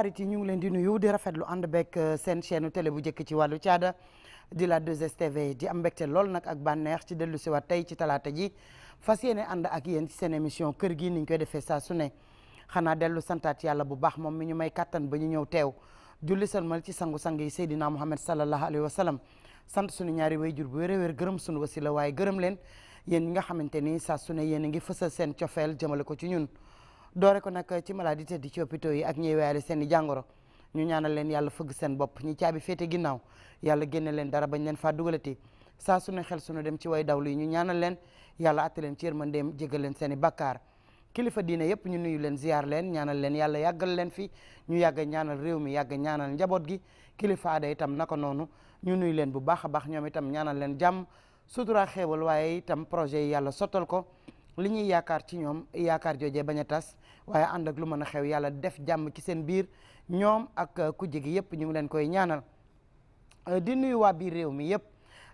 xarit yi ñu ngi leen di nuyu di rafetlu ànd beeg euh, seen chaîne télé bu jëkk ci wàllu caada di la 2STV di am mbégte lool nag ak bànneex ci dellu siwaat tey ci talaata ji fas yéene ànd ak yéen ci seen émission kër gi ni ñu koy defee saa su ne xanaa dellu santaat yàlla bu baax moom mi ñu may kàttan ba ñu ñëw teew julli salmal ci sangu-sang yi Seydina Muhammad sallallahu alayhi wa sallam sant suñu ñaari wayjur bu wér wer wér gërëm suñu wasila waaye gërëm leen yéen nga xamante ni saa su ne yéen a ngi fësal seen cofeel jëmale ko ci ñun doore ko nag ci maladi di ci hôpitaux yi ak ñiy weyale seen i jàngoro ñu ñaanal leen yàlla fëgg seen bopp ñi caabi féete ginnaaw yàlla génne leen dara bañ leen dugale dugalati saa sunu xel sunu dem ci way dawlu yi ñu ñaanal leen yàlla atte leen ci yërmandeem jégal leen seen i bakkaar kilifa diine yëpp ñu nuyu leen ziar leen ñaanal leen yàlla yàggal leen fi ñu yàgg ñaanal réew mi yàgg ñaanal njaboot gi kilifa aada itam naka noonu ñu nuyu leen bu baax a baax ñoom itam ñaanal leen jàmm sutura xeewal waaye itam projet yi yàlla sottal ko li ñuy yaakaar ci ñoom yaakaar joojee bañ a tas waaye ànd ak lu mën a xew yàlla def jàmm ci seen biir ñoom ak uh, ku jigi yëpp ñu ngi leen koy ñaanal uh, di nuyu waa biir réew mi yëpp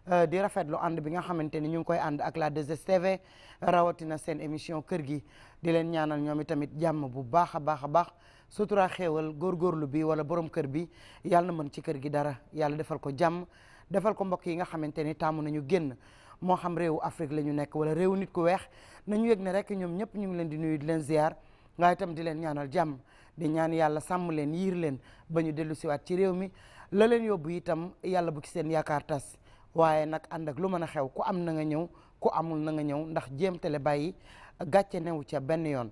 uh, di rafetlu ànd bi nga xamante ni ñu ngi koy ànd ak la 2STV rawatina seen émission kër gi di leen ñaanal ñoom tamit jàmm bu baax a baax a baax sutura xéewal góorgóorlu bi wala borom kër bi yàlla na mën ci kër gi dara yàlla defal ko jàmm defal ko mbokk yi nga xamante ni taamu nañu génn moo xam réewu Afrique la ñu nekk wala réewu nit ku weex nañu yëg ne rek ñoom ñëpp ñu ngi leen di nuyu di leen ziar nga itam di leen ñaanal jàmm di ñaan yàlla sàmm leen yiir leen ba ñu dellu siwaat ci réew mi la leen yóbbu itam yàlla bu ci seen yaakaar tas waaye nag ànd ak lu mën a xew ku am na nga ñëw ku amul na nga ñëw ndax jéem tele bàyyi gàcce newu ca benn yoon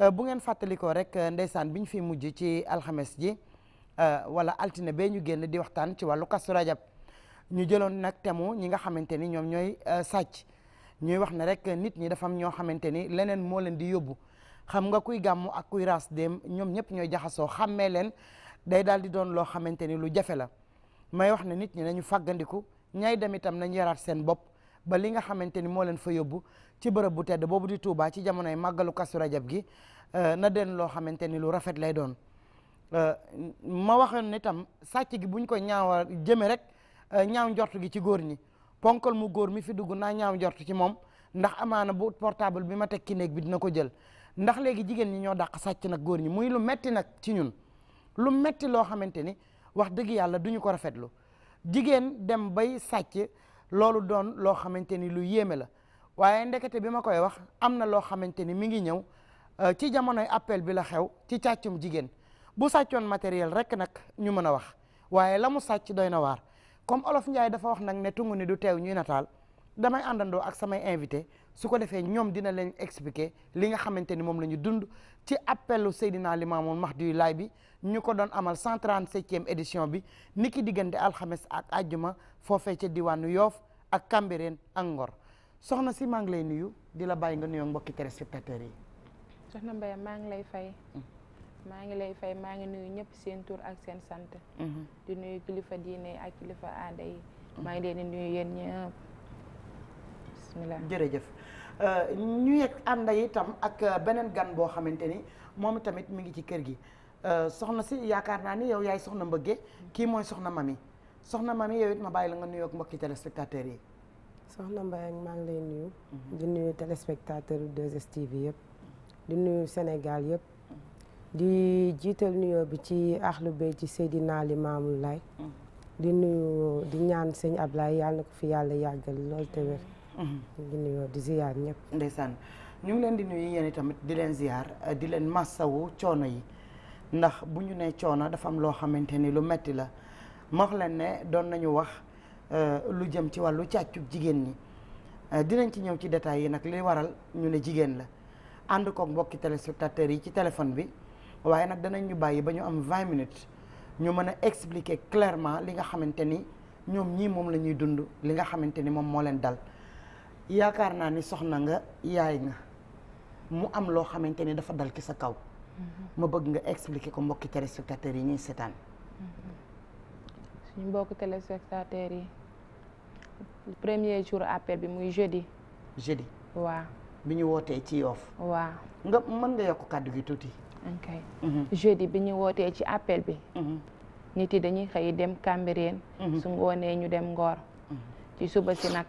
euh, bu ngeen fàttalikoo rek euh, ndeysaan bi ñu fi mujj ci alxames ji euh, wala altine bee ñu génn di waxtaan ci wàllu kasu rajab ñu jëloon nag temu ñi nga xamante ni ñoom ñooy sàcc ñuy wax ne rek nit ñi dafa ñoo xamante ni leneen moo leen di yóbbu xam nga kuy gàmmu ak kuy dem ñoom ñëpp ñooy jaxasoo xàmmee leen day daal di doon loo xamante ni lu jafe la may wax ne nit ñi nañu fàggandiku ñay dem itam nañ yaraat seen bopp ba li nga xamante ni moo leen fa yóbbu ci bërëb bu tedd boobu di Touba ci jamonoy màggalu Kazu Rajab gi euh, na den loo xamante ni lu rafet lay doon euh, ma wax ne tam sàcc gi buñ ko ñaawa jëme rek euh, ñaaw njort gi ci góor ñi ponkal mu góor mi fi dugg naa ñaaw njort ci moom ndax amaana bu portable bi ma teg ki néeg bi dina ko jël ndax léegi jigéen ñi ñoo dàq sàcc nag góor ñi muy lu metti nag ci ñun lu metti loo xamante ni wax dëgg yàlla duñu ko rafetlu jigéen dem bay sàcc loolu doon loo xamante ni lu yéeme la waaye ndekete bi ma koy wax am na loo xamante ni mi ngi ñëw euh, ci jamonoy appel bi la xew ci càccum jigéen bu sàccoon matériel rek nag ñu mën a wax waaye la mu sàcc doy na waar comme olof Njaay dafa wax nag ne tungu ni du teew ñuy nataal damay àndandoo ak samay invité su ko defee ñoom dina leen expliquer li nga xamante ni moom la dund ci appelu Seydina Limaamul Mahdi Laay bi ñu ko doon amal 137e édition bi ni ki diggante alxames ak àjjuma foofee ca diwaanu Yoof ak Cambérène ak Ngor soxna si maa ngi lay nuyu di la bàyyi nga nuyoo mbokki téléspectateurs yi. soxna Mbaye maa ngi lay fay. Mm. maa ngi lay fay maa ngi nuyu ñëpp seen tur ak seen sant. Mm-hmm. di nuyu kilifa diine ak kilifa aada yi. Mm. maa ngi leen nuyu yéen ñëpp bismillah jërëjëf. Euh, ñu yegg ànd itam ak euh, beneen gan boo xamante ni moom itamit mu ngi ci kër gi euh, soxna si yaakaar naa ni yow yaay soxna mbëgge kii mooy soxna mami soxna mami yow it ma bàyyi la nga nuyoog mbokki téléspectateurs yi. soxna Mbaye maa ngi lay nuyu. Mhm. di nuyu téléspectateur 2STV yëpp. di nuyu Sénégal yëpp. di jiital nuyoo bi ci axlu bay ci Seydina Limaamu Laay mhm. di nuyu di ñaan sëñ Ablaye yàlla ko fi yàlla yàggal lool te wér. ñu ngi nuyoo di ziyaar ñëpp. ndeysaan ñu ngi leen di nuyu yéen tamit di leen ziyaar di leen massawu coono yi ndax bu ñu nee coono dafa am loo xamante ni lu metti la ma wax leen ne doon nañu wax euh, lu jëm ci wàllu càccub jigéen ñi euh, dinañ ci ñëw ci détails yi nag li waral ñu ne jigéen la ànd koog mbokki téléspectateurs yi ci téléphone bi waaye nag danañ ñu bàyyi ba ñu am 20 minutes ñu mën a expliquer clairement li nga xamante ni ñoom ñii moom la ñuy dund li nga xamante ni moom moo leen dal. yaakaar naa ni soxna nga yaay nga mu am loo xamante ni dafa dal ki sa kaw mm-hmm. ma bëgg nga expliquer ko mbokki téléspectateurs yi ñuy seetaan mm-hmm. suñu mbokki téléspectateurs yi premier jour appel bi muy jeudi jeudi waa bi ñu wootee ci yoof waa nga mën nga yokk kàddu gi tuuti ok mm-hmm. bi ñu wootee ci appel bi nit yi dañuy xëy dem Cambérène su ngoonee ñu dem ngoor ci suba si nag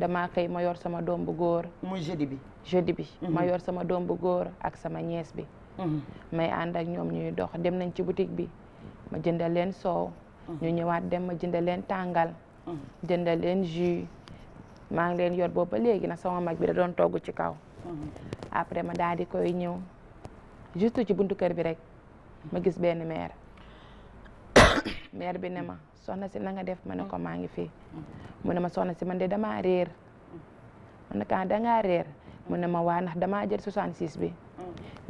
damaa xëy ma yor sama doom bu góor. muy jeudi bi. jeudi bi. Mhm. ma yor sama doom bu góor ak sama ñees bi. Mhm. may ànd ak ñoom ñuy dox dem nañ ci boutique bi ma jëndal leen soow. Mhm. ñu ñëwaat dem ma jëndal leen tàngal. jëndal leen jus. maa ngi leen yor boobu ba léegi nag sama mag bi da doon togg ci kaw. après ma daal di koy ñëw. juste ci buntu kër bi rek ma gis benn mère. maire bi ne ma mm. soxna si nanga def ma ne ko mm. maa ngi fii mm. mu ne ma soxna si man de damaa réer ma ne ko ah, dangaa réer mu ne ma waa ndax damaa jël 66 bi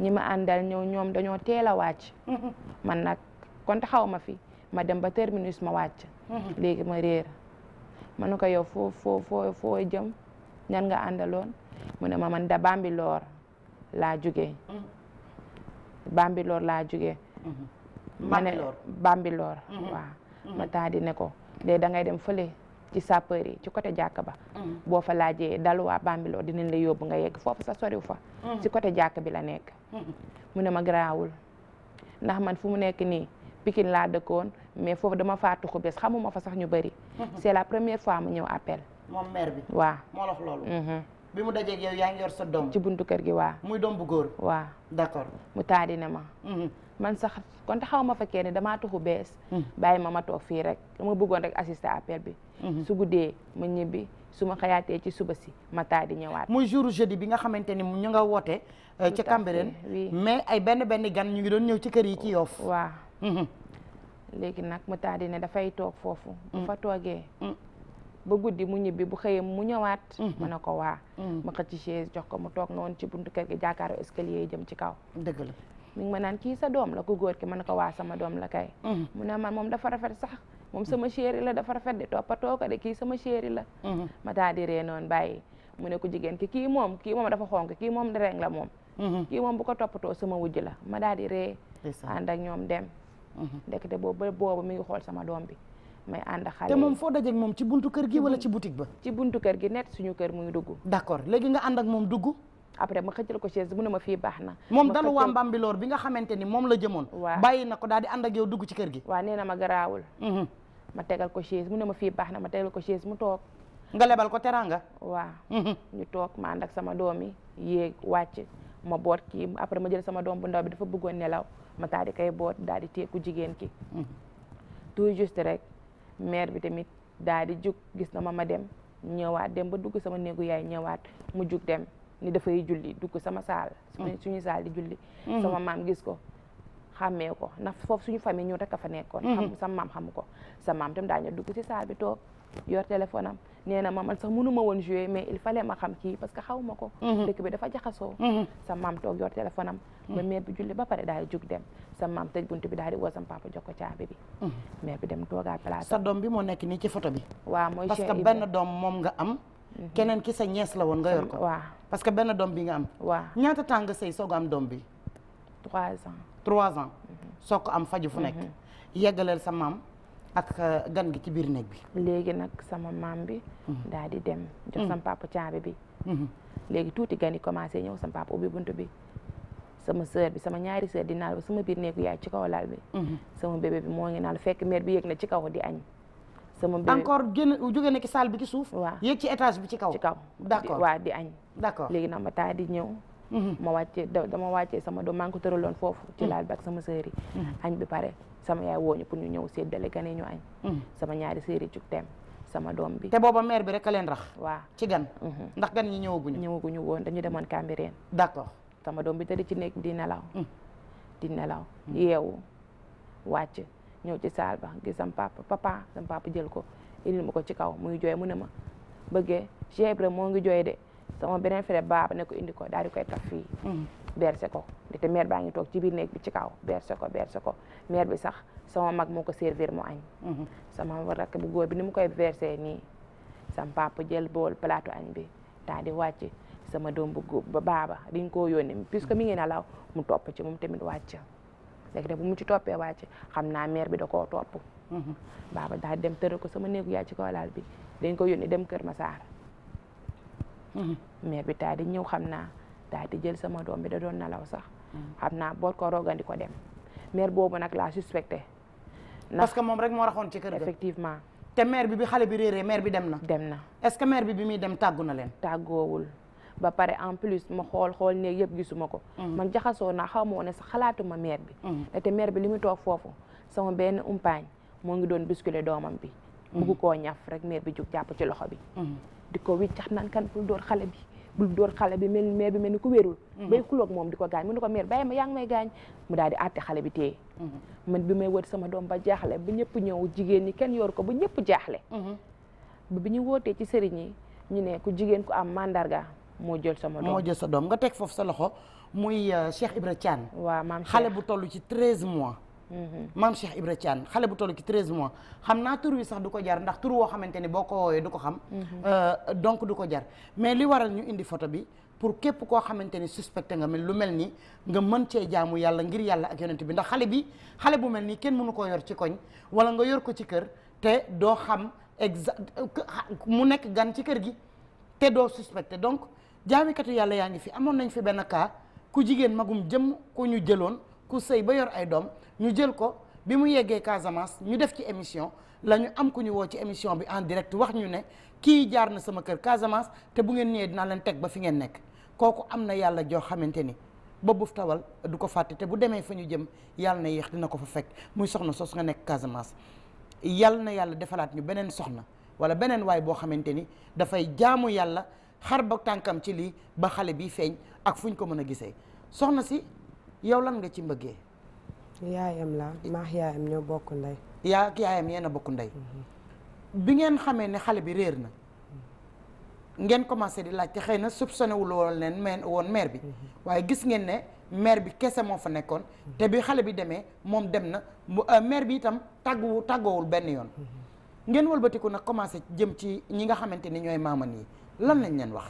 ñi ma àndal ñëw ñoom dañoo teel a wàcc man nag kon xaw ma fi ma dem ba terminus ma wàcc mm-hmm. léegi ma réer ma ne ko yow foo foo jëm ñan nga àndaloon mu ne ma man da Bambilor laa jugee mm-hmm. Bambilor laa jugee mm-hmm. ne Bambilor mhm. waaw mhm. ma taa di ne ko de da ngay dem fële ci sapeur yi ci côté jàkk ba mhm. boo fa laajee daluwaa Bambilor dinañ la yóbbu nga yegg foofu sa soriw fa ci côté jàkk bi la nekk mu ne ma garaawul ndax man fu mu nekk nii Pikine laa dëkkoon mais foofu dama faa tuxu bés xamuma fa sax ñu bëri c'est la première fois mu ñëw appel moom mère bi waaw moo yaa ngi sa doom ci buntu kër gi waa muy doom bu góor mu taadi ma man sax kon te xaw ma fekkee ne damaa tuxu bees hmm. bàyyi ma ma toog fii rek dama buggoon rek assister appel bi hmm. su guddee ma ñibbi su ma xëyaatee ci suba si ma taa di ñëwaat muy jour jeudi bi nga xamante ni ñu nga woote ca Cambérène mais ay benn benn gan ñu ngi doon ñëw ci kër yi ci Yoff waaw hmm. léegi nag mu taa di ne dafay toog foofu bu fa toogee ba guddi mu ñibbi bu xëyee mu ñëwaat mën ne ko waa ma xëcc chaise jox ko mu toog noonu ci buntu kër gi jàkkaaroo escalier yi jëm ci kaw dëgg la mi ngi ma naan kii sa doom la ku góor ki mën ko waa sama doom la kay mm-hmm. mu ne man moom dafa rafet sax moom sama chéri la dafa rafet de toppatoo ko de kii sama chéri la mm-hmm. ma daa di ree noonu bàyyi mu ne ko jigéen ki kii moom kii moom dafa xonk kii moom dereng la moom mm-hmm. kii moom bu ko toppatoo sama wujj la ma daa di ree ànd ak ñoom dem ndekete boobu boobu mi ngi xool sama doom bi may ànd xale te moom foo dajeeg moom ci buntu kër gi wala ci boutique ba ci buntu kër gi net suñu kër muy dugg d'accord léegi nga ànd ak moom dugg après ma xëccal ko chaise mu na ma fii baax na moom dalu waa Mbambilor bi nga xamante ni moom la jëmoon waaw bàyyi na ko daal di ànd ak yow dugg ci kër gi waaw nee na ma garaawul mhm. ma tegal ko chaise mu ne ma fii baax na ma ko chaise mu toog nga lebal ko teranga waa mhm. ñu toog ma ànd ak sama doom yi yéeg wàcc ma boot ki après ma jël sama doom bu ndaw bi dafa bëggoon nelaw ma daal di koy boot daal di teeku jigéen ki mhm. tout juste rek mère bi tamit daal di jug gis na ma ma dem ñëwaat dem ba dugg sama néegu yaay ñëwaat mu jug dem ni dafay julli dugg sama saal. Mm. suñu saal di julli. Mm-hmm. sama maam gis ko xàmmee ko ndax foofu suñu famille ñun rek a fa nekkoon. Mm-hmm. sama maam ma man sax mënu ma woon jouer mais il fallait a xam kii parce que xaw ma ko. Mm-hmm. dëkk bi dafa jaxasoo. sa maam toog yor téléphone am. ba bi julli ba pare daal di jug dem sa maam tëj buntu bi daal di woo sam papa jox caabi bi. mère bi dem toogaa place. doom bi moo nekk nii ci photo bi. parce que benn doom moom nga am. Mhm. keneen ki sa ñees la woon nga yor ko. parce que benn doom bi nga am. waa ñaata temps nga sëy soo ko am doom bi. trois ans. trois ans mhm. soo ko am faju fu nekk. Mhm. yeggaleel sa maam ak euh, gan gi ci biir néeg bi. léegi nag sama maam bi. daal di dem jox sama papa caabi bi. léegi tuuti gan yi commencé ñëw sama papa ubbi bunt bi. sama sœur bi sama ñaari sœur di naan sama biir néegu yaay ci kaw laal bi. sama bébé bi moo ngi naan fekk mère bi yëg na ci kaw di añ. sama benn encore génn jóge na ci salle bi ci suuf. waaw yéeg ci étage bi ci kaw. ci kaw d'accord waaw di añ. d'accord léegi nag ma taa di ñëw. Mhm. ma wàccee dama wàccee sama doom maa ngi ko tëraloon foofu. ci mhm. laal bi ak sama sœur yi. Mhm. añ bi pare sama yaay wooñu pour ñu ñëw séddale gan ñu añ. sama ñaari sœur yi sama doom bi. te booba mère bi rek a leen rax. waaw ci gan. ndax gan ñi ñëwaguñu. ñëwaguñu woon dañu demoon Cambérène. d'accord sama doom bi tëdd ci néeg di nelaw. di nelaw yeewu wàcc. ñëw ci saal ba gis sam papa papa sam papa jël ko indil ma ko ci kaw muy jooy mu ne ma bëggee Cheikh Ibra moo ngi jooy de sama beneen frère baaba ne ko indi ko daal di koy taf fii mm. berse ko te mère baa ngi toog ci biir néeg ci kaw berse ko berse ko mère bi sax sama mag moo ko servir mu añ mm-hmm. sama rakk bu góor bi ni mu koy verse nii sam papa jël bool plateau añ bi daal di wàcc sama doom bu góor ba baaba diñ koo yónni puisque mi ngi nelaw mu topp ci moom tamit wàcc léegi nag bu mu ci toppee waa wàcc xam naa mère bi da koo topp mhm. baaba daal dem tëral ko sama néegu yaay ci kaw laal bi dañ ko yónni dem Kër ma Massar mère mhm. bi daal di ñëw xam naa daal di jël sama doom bi da doon na nalaw sax mhm. xam naa boot ko rogandi ko dem maire boobu nag laa suspecté parce que moom rek moo raxoon ci kër ga effectivement te mère bi bi xale bi réeree mère bi dem na dem na est-ce que maire bi bi muy dem tàggu na leen tàggoowul ba pare en plus ma xool xool ne yëpp gisuma ko mm. man jaxasoo naa xaw ma woon ne sa xalaatuma meer bi mm. te mère bi li mu toog foofu sama benn umpaañ moo ngi doon bousculer doomam bi mm. bugg koo ñaf rek mère bi jug jàpp ci loxo bi di ko wiccax naan kan bul door xale bi bu door xale bi mel mère bi mel ni ku wérul bay xuloog moom di ko gaañ mu ne ko mère bàyyi ma yaa ngi may gaañ mu daal di àtte xale bi téye man bi may wër sama doom ba jaaxle ba ñëpp ñëw jigéen ñi kenn yor ko bu ñëpp jaaxle mm-hmm. ba ñu wootee ci sëriñ yi ñu ne ku jigéen ku am mandarga moo jël sama doom moo jël sa doom nga teg foofu sa loxo muy euh, Cheikh Ibra Thiane waaw maam xale bu toll ci 13 mois mhm. maam Cheikh Ibra xale bu toll ci 13 mois xam naa tur wi sax du ko jar ndax tur woo xamante ni boo ko woowee du ko xam mhm. euh, donc du ko jar mais li waral ñu indi photo bi pour képp koo xamante ni suspecté nga mel lu mel ni nga mën cee jaamu yàlla ngir yàlla ak yonent bi ndax xale bi xale bu mel nii kenn mënu koo yor ci koñ wala nga yor ko ci kër te doo xam exact euh, mu nekk gan ci kër gi te doo suspecté donc jaamikatu yàlla yaa ngi fi amoon nañ fi benn cas ku jigéen magum jëm ku ñu jëloon ku sëy ba yor ay doom ñu jël ko bi mu yeggee Casamance ñu def ci émission la am ku ñu woo ci émission bi en direct wax ñu ne kii jaar na sama kër Casamance te bu ngeen ñëwee dinaa leen teg ba fi ngeen nekk kooku am na yàlla joo xamante ni ba buuf tawal du ko fàtte te bu demee fa ñu jëm yàlla na yéex dina ko fa fekk muy soxna sos nga nekk Casamance yàlla na yàlla defalaat beneen soxna wala beneen waay boo xamante ni dafay jaamu yàlla xar ba tànkam ci lii ba xale bi feeñ ak fu fuñ ko mën a gisee soxna si yow lan nga ci mbëggee yaayam la maax yaayam ñoo bokk ndey yaa ak yaayam yéen a bokk ndey bi ngeen xamee ne xale bi réer na ngeen commencé di laajte xëy na soupçonné wul leen meen woon mère bi waaye gis ngeen ne mère bi kese moo fa nekkoon te bi xale bi demee moom dem na euh, mère bi itam tàgguwu tàggoowul benn yoon ngeen wëlbatiku nag commencé jëm ci ñi nga xamante ni ñooy maaman yi lan lañ leen wax.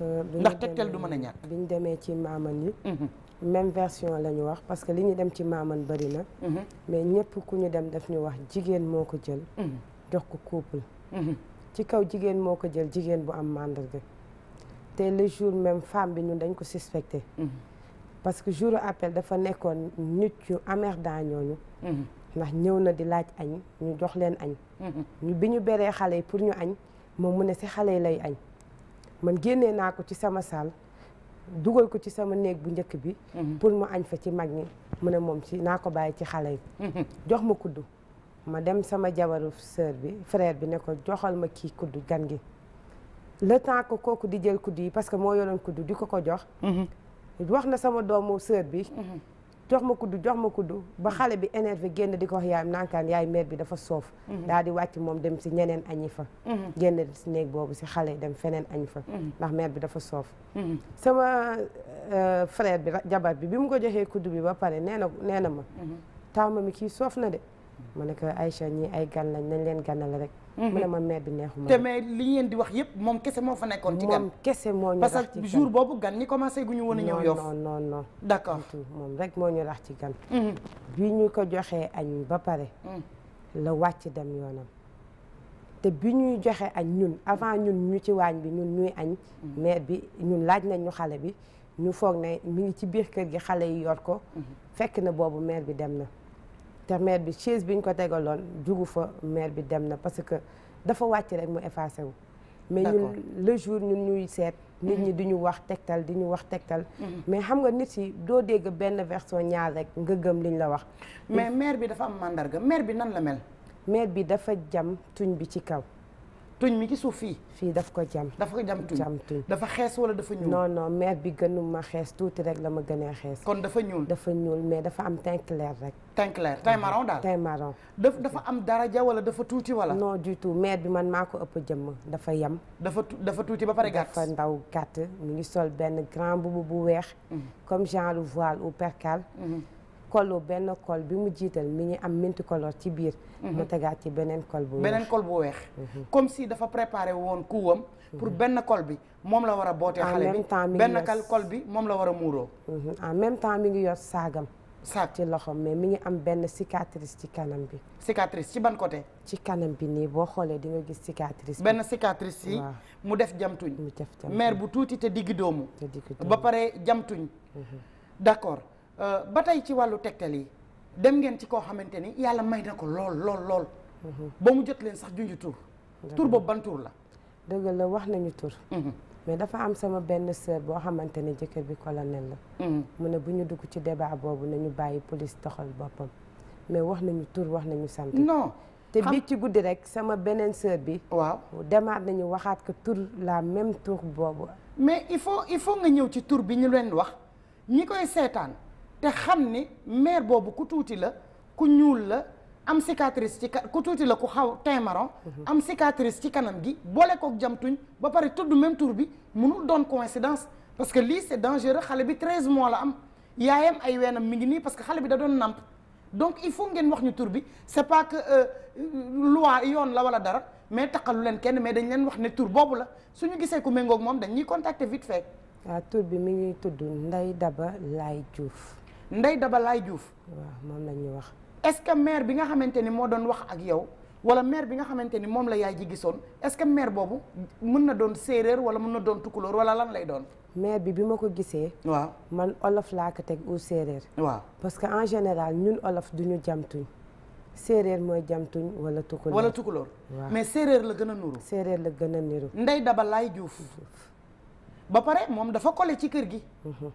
Euh, ndax tegtal du mën a ñàkk. bi ñu demee ci maaman yi. Mhm. même version lañu wax parce que li ñu dem ci maaman bari na. Mhm. mais ñëpp ku ñu dem def ñu wax jigéen moo ko jël. Mhm. jox ko couple. ci kaw jigéen moo ko jël jigéen bu am màndarga. te le jour même femme bi ñu dañ ko suspecté. parce que jour appel dafa nekkoon nit yu amer daa ñooñu. ndax ñëw na di laaj añ ñu jox leen añ. ñu bi ñu beree xale yi pour ñu añ. moom mu ne si xale yi lay añ man génnee naa ko ci sama salle dugal ko ci sama néeg bu njëkk bi mhm. pour mu añ fa ci mag ñi mu ne moom ci naa ko bàyyi ci xale yi mhm. jox ma kuddu ma dem sama jabaru sœur bi frère bi ne ko joxal ma kii kuddu gan gi le temps que kooku di jël kuddu yi parce que moo yoroon kuddu di ko ko jox mhm. wax na sama doomu sœur bi jox ma kuddu jox ma kuddu ba mm. xale bi énervé génn di ko wax yaayam nankaan yaay mère bi dafa soof mm-hmm. daal di wàcc moom dem si ñeneen ñi fa mm-hmm. génn si néeg boobu si xale dem feneen añ fa mm-hmm. ndax mère bi dafa soof sama euh, frère bi jabar bi bi mu ko joxee kuddu bi ba pare nee na nee na ma taw ma mi kii soof na de ma ne ko Aïcha ñii ay gan lañ nañ leen ganale rek Mm-hmm. mu ne ma maire bi neexuma te mais li ngeen di wax yëpp moom kese moo fa nekkoon ci gan moom kese moo ñu rax ci gan jour boobu gan ñi commencé gu ñu woon a ñëw yof non non non moom rek moo ñu rax ci gan mm-hmm. bi ñu ko joxee añ ba pare mm. la wàcc dem yoonam te bi ñuy joxe añ ñun avant ñun ñu ci waañ bi ñun ñuy añ maire mm-hmm. bi ñun laaj nañ ñu xale bi ñu foog ne mi ngi ci biir kër gi xale yi yor ko fekk na boobu maire bi dem na te maire bi chaise bi ñu ko tegaloon jugu fa maire bi dem na parce que dafa wàcc rek mu effacé wu mais ñun le jour ñun ñuy seet nit ñi mm-hmm. di ñu wax tegtal di ñu wax tegtal mm-hmm. mais xam nga nit yi doo dégg benn version ñaar rek nga gëm liñ la wax mais maire bi dafa am mandarga maire bi nan la mel maire bi dafa jam tuñ bi ci kaw tuñ mi ci suuf fii. fii daf ko jam. dafa ko jam tuñ dafa xees wala dafa ñuul. non maire mère bi gënuma xees tuuti rek la ma gënee xees. kon dafa ñuul. dafa ñuul mais dafa am teint clair rek. teint clair teint marron mm-hmm. daal. teint marron. daf dafa am daraja wala dafa tuuti wala. non du tout mère bi man maa ko ëpp jëmm dafa yam. dafa dafa tuuti ba pare gàtt. dafa ndaw gàtt mu ngi sol benn grand mbubb bu weex. Mm-hmm. comme genre voile u percale. Mm-hmm. kolu benn kol bi mu jiital mi ngi am multicolore ci biir mhm. mu tegaat ci beneen kol bu beneen kol bu weex mhm. comme si dafa préparer woon kuwam pour mhm. benn kol bi moom la war a bootee xale bi benn kal kol bi moom la war a muuroo en même temps mi ngi yor saagam saag ci loxom mais mi ngi am benn cicatrice ci kanam bi cicatrice ci ban côté ci kanam bi nii boo xoolee di nga gis cicatrice benn cicatrice yi mu def jamtuñ mu def jamtuñ mère bu tuuti te digg doomu ba pare jamtuñ d'accord Euh, ba tey ci wàllu tegtal yi dem ngeen ci koo xamante ni yàlla may na ko lool lool lool. Mhm. ba mu jot leen sax junj tur. boobu ban tur la. dëgg la wax nañu tur. Mhm. mais dafa am sama benn sœur boo xamante ne jëkkër bi colonel la. Mhm. mu ne bu ñu dugg ci débat boobu nañu bàyyi police doxal boppam mais wax nañu tur wax nañu sant. non te bii ci guddi rek sama beneen sœur bi. waaw demaat nañu waxaat ko tur laa même tur boobu. mais il faut il faut nga ñëw ci tur bi ñu leen wax ñi koy seetaan. te xam ni maire boobu ku tuuti la ku ñuul la am cicatrice ci ku tuuti la ku xaw teint marron mhm. am cicatrice ci kanam gi boole kook jamtuñ ba pare tudd même tour bi mënul doon coïncidence parce que lii c'est dangereux xale bi 13 mois la am yaayam ay weenam mi ngi nii parce que xale bi da doon nàmp donc il faut ngeen wax ñu tur bi c'est pas que euh, loi yoon la wala dara mais taqalu leen kenn mais dañ leen wax ne tur boobu la su ñu gisee ku méngoog moom dañ ñuy contacter vite fait. waaw tur bi mi ngi tudd nday Daba Laye Diouf. Ndeye Daba Laye Diouf. waaw moom la ñuy wax. est-ce que maire bi nga xamante ni moo doon wax ak yow wala maire bi nga xamante ni moom la yaay ji gisoon est-ce que maire boobu mën na doon séeréer wala mën na doon tukulóor wala lan lay doon. maire bi bi ma ko gisee. waaw man olof laa ko teg ou séeréer. waaw parce que en général ñun olof duñu jamtuñ séeréer mooy jamtuñ wala tukulóor. wala tukulóor mais séeréer la gën a nuru. séeréer la gën a niru. ndey Daba Laye Diouf. ba pare moom dafa collé ci kër gi. Mhm.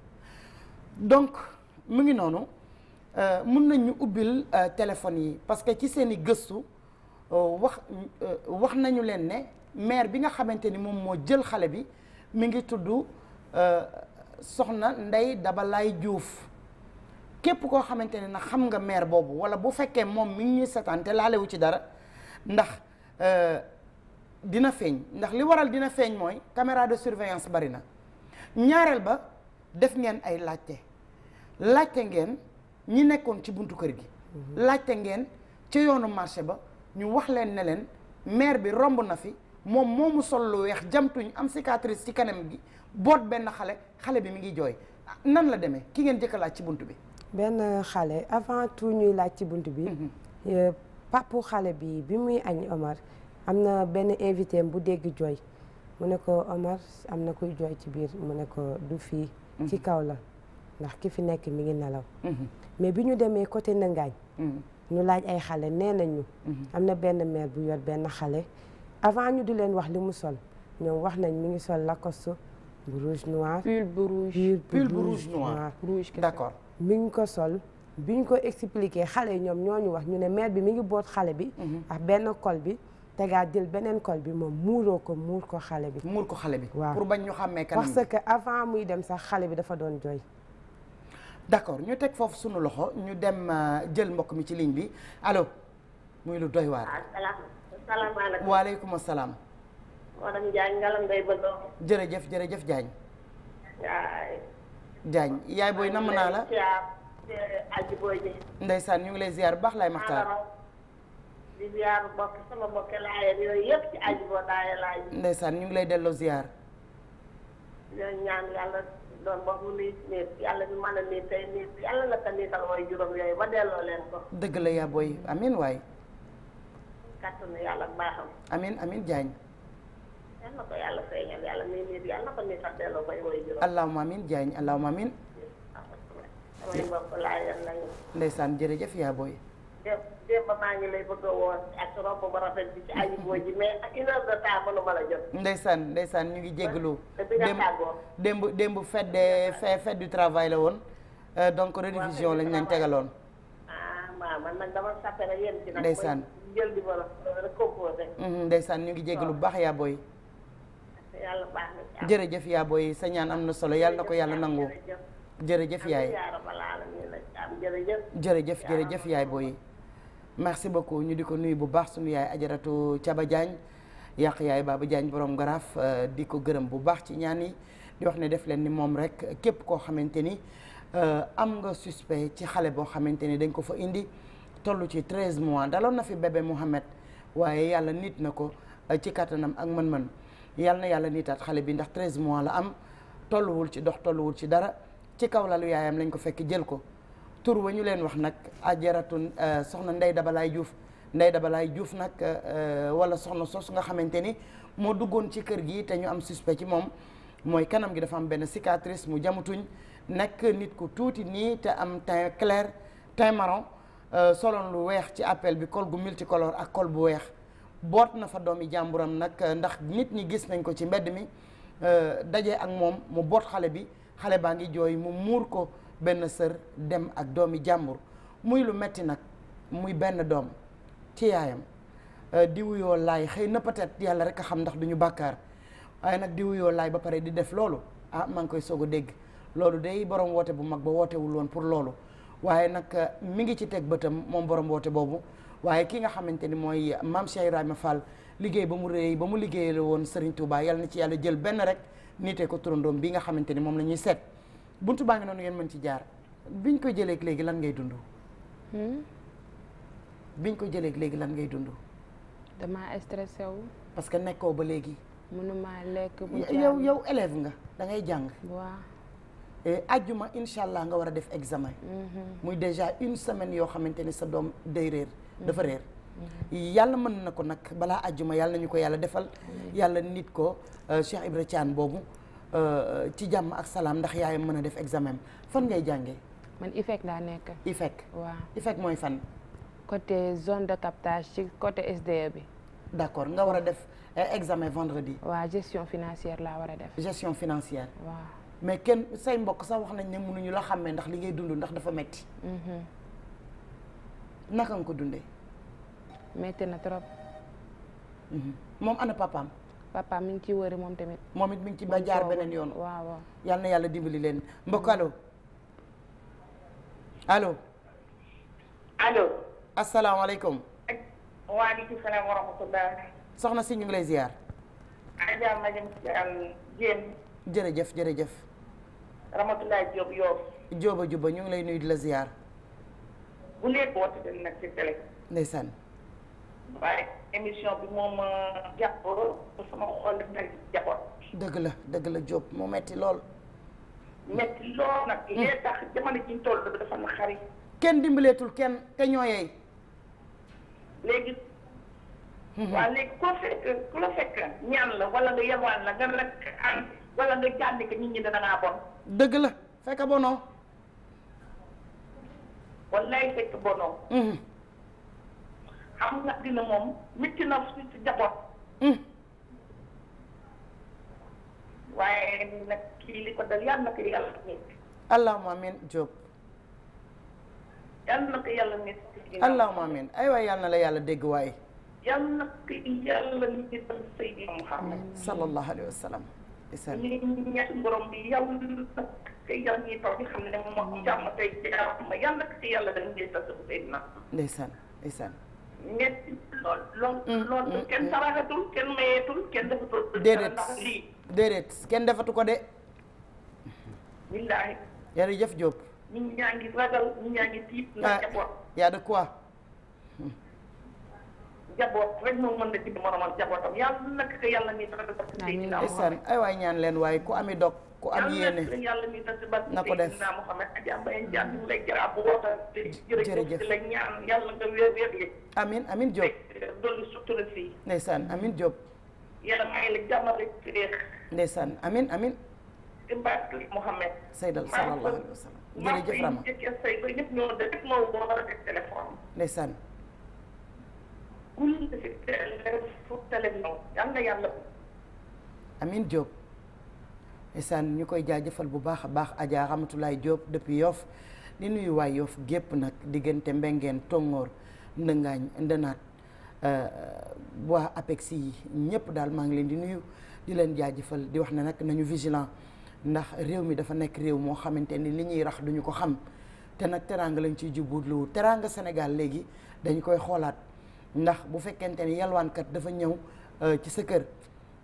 mu ngi noonu euh, mun nañ ñu ubbil euh, téléphone yi parce que ci seen i gëstu euh, wax wax nañu leen ne maire bi nga xamante ni moom moo jël xale bi mi ngi tudd soxna Ndey Dabalaay Juuf képp koo xamante ne na xam nga maire boobu wala bu fekkee moom mi ngi ñuy seetaan te laalewu ci dara ndax dina feeñ ndax li waral dina feeñ mooy caméra de surveillance bari na ñaareel ba def ngeen ay laajte laajte ngeen ñi nekkoon ci buntu kër gi mhm. laajte ngeen ca yoonu marché ba ñu wax leen ne leen maire bi romb na fi moom moomu sol lu weex jamtuñ am cicatrice ci kanam gi boot benn xale xale bi mi ngi jooy ah, nan la demee ki ngeen jëkk laaj ci bunt bi benn xale avant tout ñuy laaj ci bunt bi mhm. euh, papu xale bi bi muy añ Omar am na benn invité bu dégg jooy mu ne ko Omar am na kuy jooy ci biir mu ne ko du fii ci mhm. kaw la ndax ki fi nekk mi ngi nelaw mhm. mais bi ñu demee côté nangaañ mhm. ñu laaj ay xale nee nañu mhm. am na benn mère bu yor benn xale avant ñu di leen wax li mu sol ñoom wax nañ mi ngi sol lacoste bu rouge noir pull bu rouge pull bu mi ngi ko sol bi ñu ko expliquer xale yi ñoom ñoo ñu wax ñu ne mère bi mi ngi boot xale bi ak benn col bi tegaa jël beneen col bi moom muuroo ko muur ko xale bi muur ko xale bi waaw pour bañ ñu xàmmee kanam parce que avant muy dem sax xale bi dafa doon jooy d'accord ñu teg foofu sunu loxo ñu dem euh, jël mbokk mi ci ligne bi alo muy lu doy waar. asalaamaaleykum ah, waaleykum asalaam. madame Diagne ngalam day bëgg jërëjëf jërëjëf jaañ Diagne yaay booy namm naa la. ndeysaan ñu ngi lay ziar baax lay maxtaar. di ziar ñu ngi lay delloo ziar. doon ba mu nuy yàlla bi mën a nit tey nit yàlla la ko niital mooy juróom yooyu ba delloo leen ko dëgg la yaa booy amin waay kàttanu yàlla baaxam amin amin jaañ yàlla ko yàlla feeñal delloo bay mooy juróom allahuma amin jaañ allahuma amin samay mbokk jërëjëf yaa démb maa ngi lay ñu ngi jégalu. démb démb fête de fête du la woon. Euh, donc révision lañ leen tegaloon. ah waaw man nag mm-hmm, ñu ngi jégalu bu baax yaa booy. yàlla baax yaa booy sa ñaan am na solo yàlla na ko yàlla nangu. jërëjëf yaay jërëjëf jërëjëf yaay booy. merci beaucoup ñu di ko nuyu bu baax suñu yaay ajaratu Caba Diagne yàq yaay Baba boroom borom garaaf euh, di ko gërëm bu baax ci ñaan yi di wax ne def leen ni moom rek képp koo xamante ni euh, am nga suspect ci xale boo xamante ni dañ ko fa indi toll ci 13 mois daloon na fi bébé Mouhamed waaye yàlla nit na ko euh, ci kattanam ak mën-mën yàlla na yàlla nitaat xale bi ndax 13 mois la am tolluwul ci dox tolluwul ci dara ci kaw lalu yaayam lañ ko fekk jël ko. tur wa ñu leen wax nag ajaratun euh, soxna Ndeye Dabalaay Diouf Ndeye Dabalaay juuf nag euh, euh, wala soxna su nga xamante ni moo duggoon ci kër gi te ñu am suspect ci moom mooy kanam gi dafa am benn cicatrice mu jamutuñ nekk nit ku tuuti nii te am teint clair teint marron soloon lu weex ci appel bi col gu multicolore ak col bu weex boot na fa doomi jàmburam nag ndax nit ñi gis nañ ko ci mbedd mi daje ak moom mu boot xale bi xale baa ngi jooy mu muur ko benn sër dem ak doomi jàmbur muy lu metti nag muy benn doom ci yaayam euh, di wuyoo laay xëy na peut-être yàlla rek a xam ndax duñu bàkkaar waaye nag diwu wuyoo laay ba pare di def loolu ah maa ngi koy soog a dégg loolu day borom woote bu mag ba wootewul woon pour loolu waaye nag euh, mu ngi ci teg bëtam moom borom woote boobu waaye ki nga xamante ni mooy maam Cheikh Ibrahima Fall liggéey ba mu réy ba mu liggéeyal woon Serigne Touba yàlla na ci yàlla jël benn rek niite ko turandoom bi nga xamante ni moom la ñuy seet buntu baa noonu ngeen mën ci jaar biñ ko jëlee léegi lan ngay dund. Hmm? biñ ko jëlee léegi lan ngay dund. damaa stressé wu. parce que nekkoo ba léegi. mënuma lekk yow yow élève nga da ngay jàng. waaw. ajjuma incha allah nga war a def examen. Hmm. muy déjà une semaine yoo xamante ni sa doom day réer. Hmm. dafa réer. yàlla mën na ko nag balaa ajjuma yàlla nañu ko yàlla defal. yàlla nit ko euh, Cheikh Ibra Thiane boobu. Euh, ci jàmm ak salaam ndax yaayam mën a def examen fan ngay jànge man IFEC laa nekk. IFEC waaw IFEC mooy fan. côté zone de captage ci côté SDE bi. d'accord nga war a def eh, examen vendredi. waaw gestion financière laa war a def. gestion financière. waa mais kenn say mbokk sax wax nañ ne mënuñu la xàmmee ndax li ngay dund ndax dafa metti mhm. naka nga ko dundee. metti na trop. Mhm. moom ana papaam. papa mi ngi ciy wëri moom tamit. moom it mi ngi ci ba jaar beneen yoon. waaw waaw yal na yàlla dimbali leen mbokk allo allo. allo. asalaamaaleykum. soxna si ñu ngi lay ziar. Adja ma jëm si am Dieng. jërëjëf jërëjëf. Ramatoulaye Diop Yoff. Diop juba ñu ngi lay nuyu di la ziar. bu nekk waaye émission bi moom jàpp sama xol nag jàppoon. dëgg la dëgg la Diop mu metti lool. metti lool nag. lee mm. tax jamono ji toll dafa na xari kenn dimbaleetul kenn te ñoo yey. léegi. Mm-hmm. waaw léegi ku la fekk ñaan la wala nga yalwaan la nga nag an wala nga jànni ko nit ñi da ngaa bon. dëgg la fekk bonoo. wallaay fekk bonoo. Mm-hmm. xam nga dina moom métti na su ci jaboot mm. waaye nag kii li ko dal yàlla na ko yàlla nit allahumma amin Diop yàlla na ko yàlla nit allahumma amin ay la yàlla dégg waaye yàlla na ko yàlla nit Seydina Muhammad sallallahu alayhi wa sallam ñu ñaan bi yàlla na ko yàlla ñuy bi xam ne moom jàmm tey jàmm yàlla na ko ci yàlla dañ ngi tasu Seydina ndeysaan ndeysaan metti lool lool mm, mm, lool mm. kenn saraxatul kenn mayeetul kenn defatul déedéet ndax lii déedéet kenn defatu ko de billaahi jërëjëf Diop ñu ñaa ngi ragal ñu ñaa ngi tiit ndax ah, jaboot yaa de quoi jaboot rek moom mën na ci moromam jabootam yàlla nag yàlla mi tax a def ay waay ñaan leen waaye ku ami dog ku am na ko def jërëjëf amin amin Diop ndeysaan amin Diop ndeysaan amin amin Seydal sallallahu alayhi wa sallam jërëjëf Rama ndeysaan amin Diop ndeysaan ñu koy jaajëfal bu baax a baax Adja Ramatulaay Diop depuis Yoff di nuyu waay Yoff gépp nag diggante Mbengeen Tongoor Ndëngaañ Ndënaat euh, waa APEX yi ñëpp daal maa ngi leen di nuyu di leen jaajëfal di wax ne nag nañu vigilant ndax réew mi dafa nekk réew moo xamante ni ni ñuy rax duñu ko xam te nag teraanga lañ ciy jubutlu teraanga senegal léegi dañ koy xoolaat ndax bu fekkente ni yalwaankat dafa ñëw euh, ci sa kër.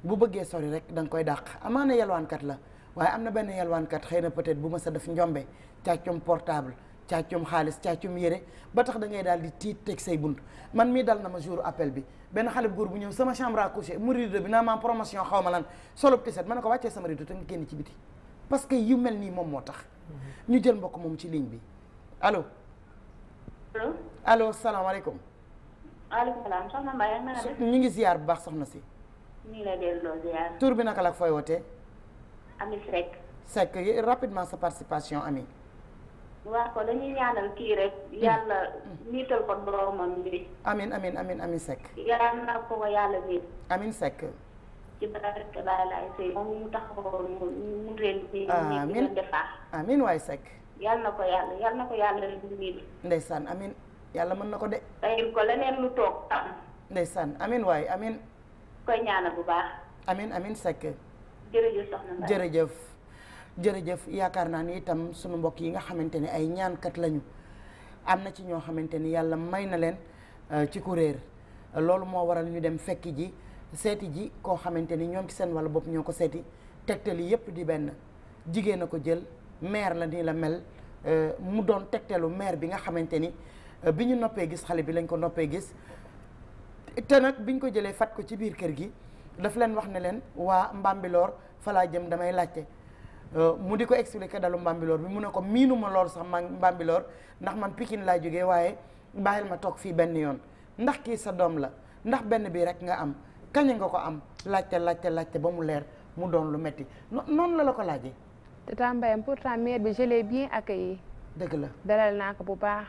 bu bëggee sori rek danga nga koy dàq amaana yalwaankat la waaye am na benn yalwaankat xëy na peut-être bu ma sa def njombe càccum portable càccum xaalis càccum yére ba tax da ngay daal di tiit teg say bunt man mii dal na ma jour appel bi benn xale bu góor bu ñëw sama chambre à coucher mu rideau bi naa ma promotion xaw ma lan solo tiset ma ne ko wàccee sama rideau te nga génn ci biti parce que yu mel nii moom moo tax mm-hmm. ñu jël mbokk moom ci ligne bi allo allo salaamaaleykum aleykum salaam soxna Mbaye ñu ngi ziyaar bu baax soxna si ñu ngi bi naka la fooy wootee. Ami Seck. Seck rapidement sa participation kii rek. Mm. yàlla mm. niital ko boromam bi. amin amin amin amin Seck. yàlla na ko yàlla bi. na ko yàlla yàlla na ko yàlla amin yàlla mën na ko de. tey ko leneen lu toog tam. ndeysaan amin waay amin koy ñaanal bu baax. amin amin Seck. jërëjëf jërëjëf. yaakaar naa ni itam sunu mbokk yi nga xamante ni ay ñaankat lañu am na ci ñoo xamante ni yàlla may na leen euh, ci kuréer loolu moo waral ñu dem fekki ji seeti ji koo xamante ni ñoom ci seen wàllu bopp ñoo ko seeti tegtal yi yépp di benn jigéen a ko jël maire la ni la mel euh, mu doon tegtalu maire bi nga xamante ni euh, bi ñu noppee gis xale bi lañ ko noppee gis te nag bi biñ ko jëlee fat ko ci biir kër gi daf leen wax ne leen waa Mbambilor fa laa jëm damay laajte euh, mu di ko expliquer dalu mbambi Mbambilor bi mu ne ko miinuma lool sax ma Mbambilor ndax man Pikine laa jógee waaye bàyyil ma toog fii benn yoon ndax kii sa doom la ndax benn bi rek nga am kañ nga ko am laajte laajte laajte ba mu leer mu doon lu metti noonu la la ko laajee. te tàmbayam pour mère bi jëlee l'ai bien accueilli. dëgg la dalal naa ko bu baax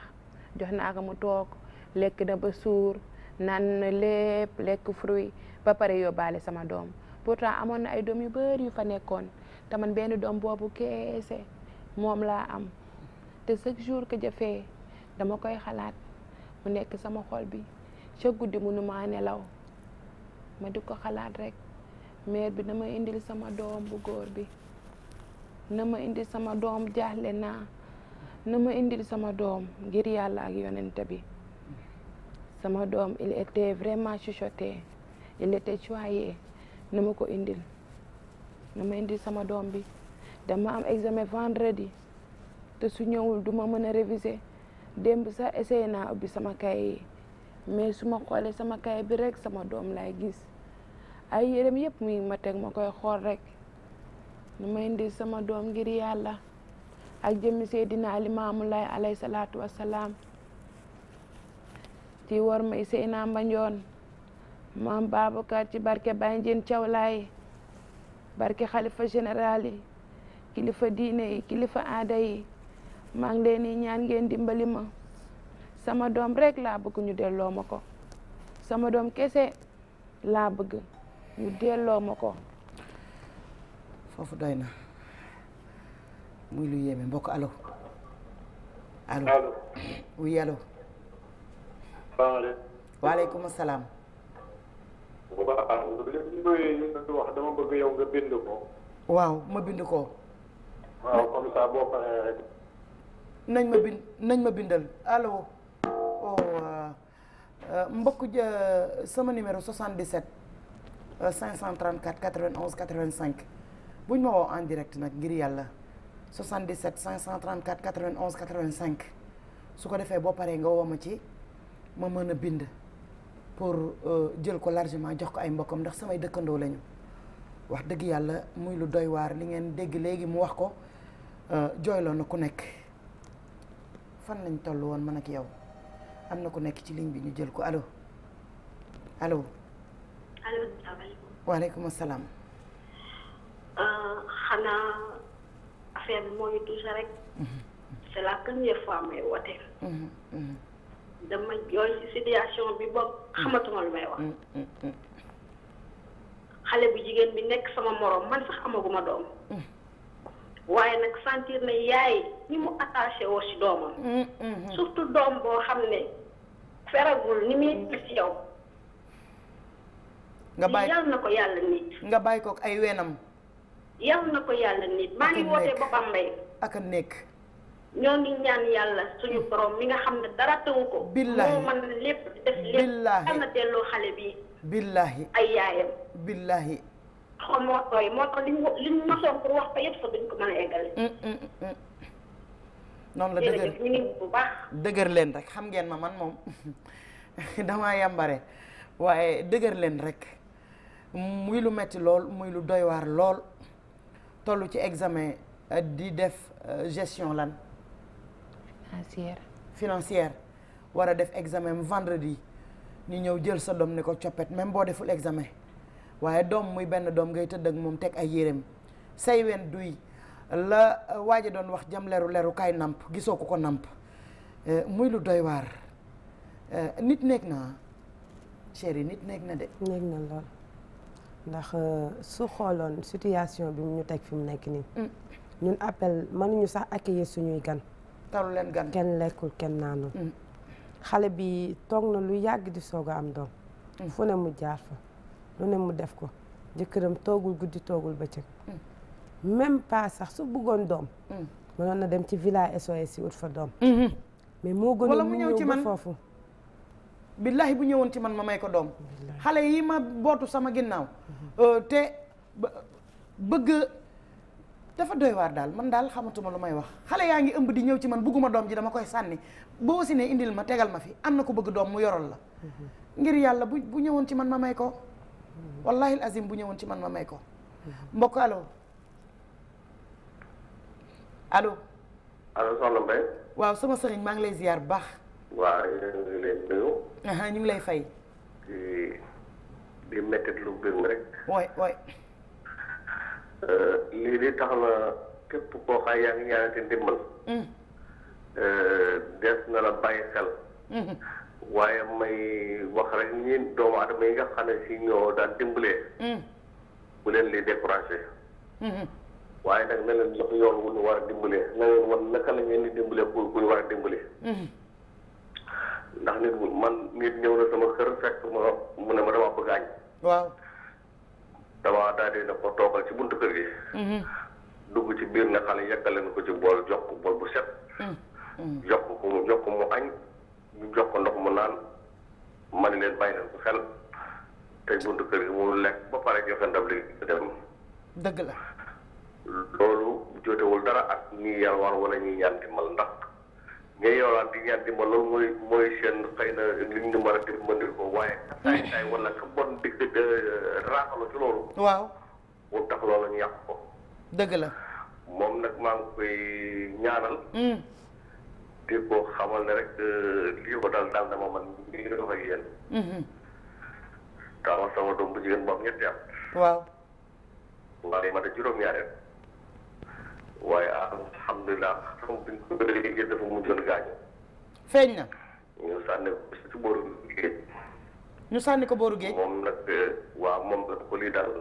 jox naa ko mu toog lekk na ba suur. naan na lépp lekk fruit ba pare yóbbaale sama doom pourtant amoon na ay doom yu bëri yu fa nekkoon te man benn doom boobu keese moom laa am te chaque jour que jafee dama koy xalaat mu nekk sama xol bi chaque guddi mënu maa law ma di ko xalaat rek mère bi na ma indil sama doom bu bi na ma indil sama doom jaaxle naa na ma indil sama doom ngir yàlla ak yonente bi sama doom il était vraiment chuchoté il était choyé na ma ko indil na ma indil sama doom bi dama am examen vendredi te su ñëwul du ma mën a réviser démb sa essayé naa ubbi sama kay yi mais su ma xoolee sama kay bi rek sama doom laay gis ay yérem yëpp muy ma teg ma koy xool rek na ma indil sama doom ngir yàlla ak jëmmi Seydina Limaamu Laay alayhi salaatu wassalaam ci wormay Seyna Mbanjoon maam Babacar ci barke Baye Ndiène Thiaw Laye barke xalifa général yi kilifa diine yi kilifa aada yi maa ngi leen di ñaan ngeen dimbali ma sama doom rek laa bëgg ñu delloo ma ko sama doom kese laa bëgg ñu delloo ma ko foofu doy na muy lu yéeme mbokk alo alo oui alo salaamaaleykum. waaleykum salaam. waaw lépp lu ñu wax dama bëgg waaw ma bind ko. waaw comme ça boo paree nañ ma bind nañ ma bindal allo. oh euh, euh, mbokk ja sama numéro 77 534 91 85 buñ ma woo en direct nag ngir yàlla 77 534 91 85 su ko defee boo paree nga woo ma ci. ma mën a bind pour euh, jël ko largement jox ko ay mbokkam ndax samay dëkkandoo lañu wax dëgg yàlla muy lu doy waar li ngeen dégg léegi mu wax ko euh, jooyloo na ku nekk fan lañ toll woon man ak yow am na ku nekk ci ligne bi ñu jël ko allo allo. allo salaamaaleykum. waaleykum salaam. Euh, xanaa affaire bi moo ngi touché rek. Mhm. c'est la première fois may woote. Mhm, mhm. dama jooy ci situation bi ba xamatuma lu may wax. Mm, mm, mm. xale bu jigéen bi nekk sama moroom man sax amaguma doom. waaye nag sentir na yaay ni mu attaché woo ci doomam. surtout doom boo xam ne feragul ni muy def ci yow. nga bàyyi yal na ko yàlla nit. nga bàyyi ko ay weenam. yal na ko yàlla nit. maa ngi wootee ba Bambey. ak a nekk. ñoo ngi ñaan yàlla suñu borom mi nga xam ne dara tëwu ko. billahi moo man lépp def lépp. billahi xam delloo xale bi. billahi ay yaayam. billahi. xaw moo tooy moo tax liñ liñ la dëgër leen rek xam ngeen ma man moom damaa yàmbare waaye dëgër leen rek muy metti lool muy lu doy lool toll ci examen euh, di def euh, gestion lan. financière financière war a def examen vendredi ñu ñëw jël sa doom ni ko coppet même boo deful examen waaye doom muy benn doom ngay tëdd ak moom teg ay yéreem say wen duy la euh, waaja doon wax jam leru leru kaay nàmp gisoo ko ko namp euh, muy lu doy waar euh, nit nekk na chéri nit nekk na de nekk na lool ndax su xooloon situation bi mu ñu teg fi mu nekk nii mm. ñun appel mënuñu sax accueillir suñuy gan talu leen gan kenn lekkul kenn naanul mm. xale bi toog na lu yàgg di soog a am doom mm. fu ne mu jaar fa lu ne mu def ko jëkkëram toogul guddi toogul bëccëg mm. même pas sax su bëggoon doom mënoon na dem ci village SOS yi ut fa doom mm-hmm. mais moo gën wala mu ñëw ci man foofu billahi bu ñëwoon ci man ma may ko doom xale yi ma bootu sama ginnaaw mm-hmm. euh, te bëgg dafa doy daal man daal xamatuma lu may wax xale yaa ngi ëmb di ñëw ci man bugguma doom ji dama koy sànni boo si indil ma tegal ma fi am na ko bëgg doom mu yoral la mhm. ngir yàlla bu bu ñëwoon ci man ma may ko mhm. wallahi azim bu ñëwoon ci man ma may ko mhm. mbokk allo allo allo soxna Mbaye waaw sama sëriñ maa ngi lay ziar bu baax waaw ñu ngi lay fay di Euh, lii di tax na képp koo xam yaa ngi ñaanate ndimbal. Mm. Euh, des na la bàyyi xel. Mm-hmm. waaye may wax rek ñi doomu adama yi nga xam ne si ñoo daan dimbalee. Mm. bu leen lii découragé. Mm-hmm. waaye nag na leen jox yoon wu ñu war a dimbalee na leen wan naka la ngeen di dimbalee pour pour war a dimbalee. Mm-hmm. ndax nit man nit ñëw na sama kër fekk ma mu ne ma dama bëgg añ. waaw. dama daal di ko toogal ci buntu kër gi. Mhm. dugg ci biir nga xam ne ko ci bool jox ko bool bu set. Mm, mm. jox ko mu jox ko mu añ jox ko ndox mu naan ma ne leen bàyyi leen ko xel tey buntu kër gi mu lekk ba pare joxe ndab li dem. dëgg la. loolu jotewul dara ak ñi yalwaan wala ñi ñaan di mal ndax. nga yoroon di ñaan dimbal loolu mooy mooy seen xëy na li ñu mën a dimbali ko waaye. saay saay hmm. wala ka bon digg euh, raaxalu ci loolu. waaw. mu tax loolu ñu yàq ko. dëgg la. moom nag maa ngi koy ñaanal. Hmm. di ko xamal ne rek euh, lii ko dal daal dama man mi ngi dox ak yéen. Hmm. taxawal sama doom bu jigéen boobu ñetti at. waaye alhamdulilah xam bi ko léegi dafa mujjoon gaañu. feeñ na. ñu sànni ko ci booru géej. ñu sànni ko booru géej. moom nag euh, waaw moom la ko lii daal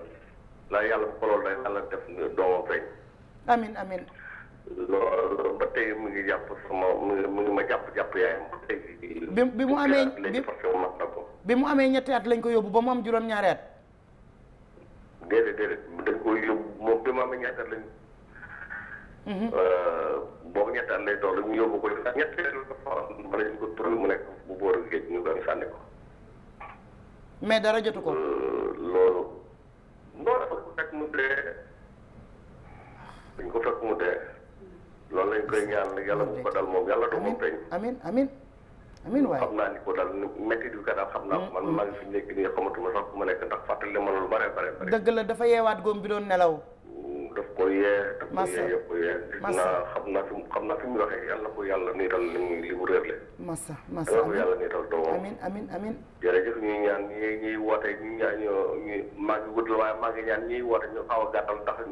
la yàlla xoloon na yàlla def doomam feeñ. amin amin loolu ba tey mu ngi jàpp sama mu ngi ma jàpp jàpp yaayam ba tey. bi bi mu amee bi mu amee ñetti lañ ko yóbbu ba mu am juróom-ñaari at. déedéet déedéet dañ ko yóbbu moom bi mu amee ñetti at lañ. Mm-hmm. Uh, boobu ñetti at lay toll ñu yóbbu ko ñetti at mën nañu ko tural mu nekk bu booru géej ñu doon ko. mais dara jotu ko. Uh, loolu. non dafa ko fekk mu dee. dañ loolu lañ koy ñaan yàlla bu ko dal moom yàlla du moom tey. amin amin amin waaye xam naa ni ko daal métti di ko daal xam naa ko mm-hmm. man maa ngi fi nekk nii xamatuma sax ku nekk ndax fàttali ma loolu bare bare bare. dëgg la dafa yeewaat góom bi doon nelaw. daf ko yee. masa daf ko yee yëpp yee. masa xam naa fi xam naa fi yàlla ko yàlla niital li mu li mu réerle. masa masa amiin ko yàlla niital doomam. amiin amiin amiin. jërëjëf ñuy ñaan ñi ñuy woote ñi ñaan ñi la waaye maa ñaan ñiy woote ñu xaw a gàttal ndax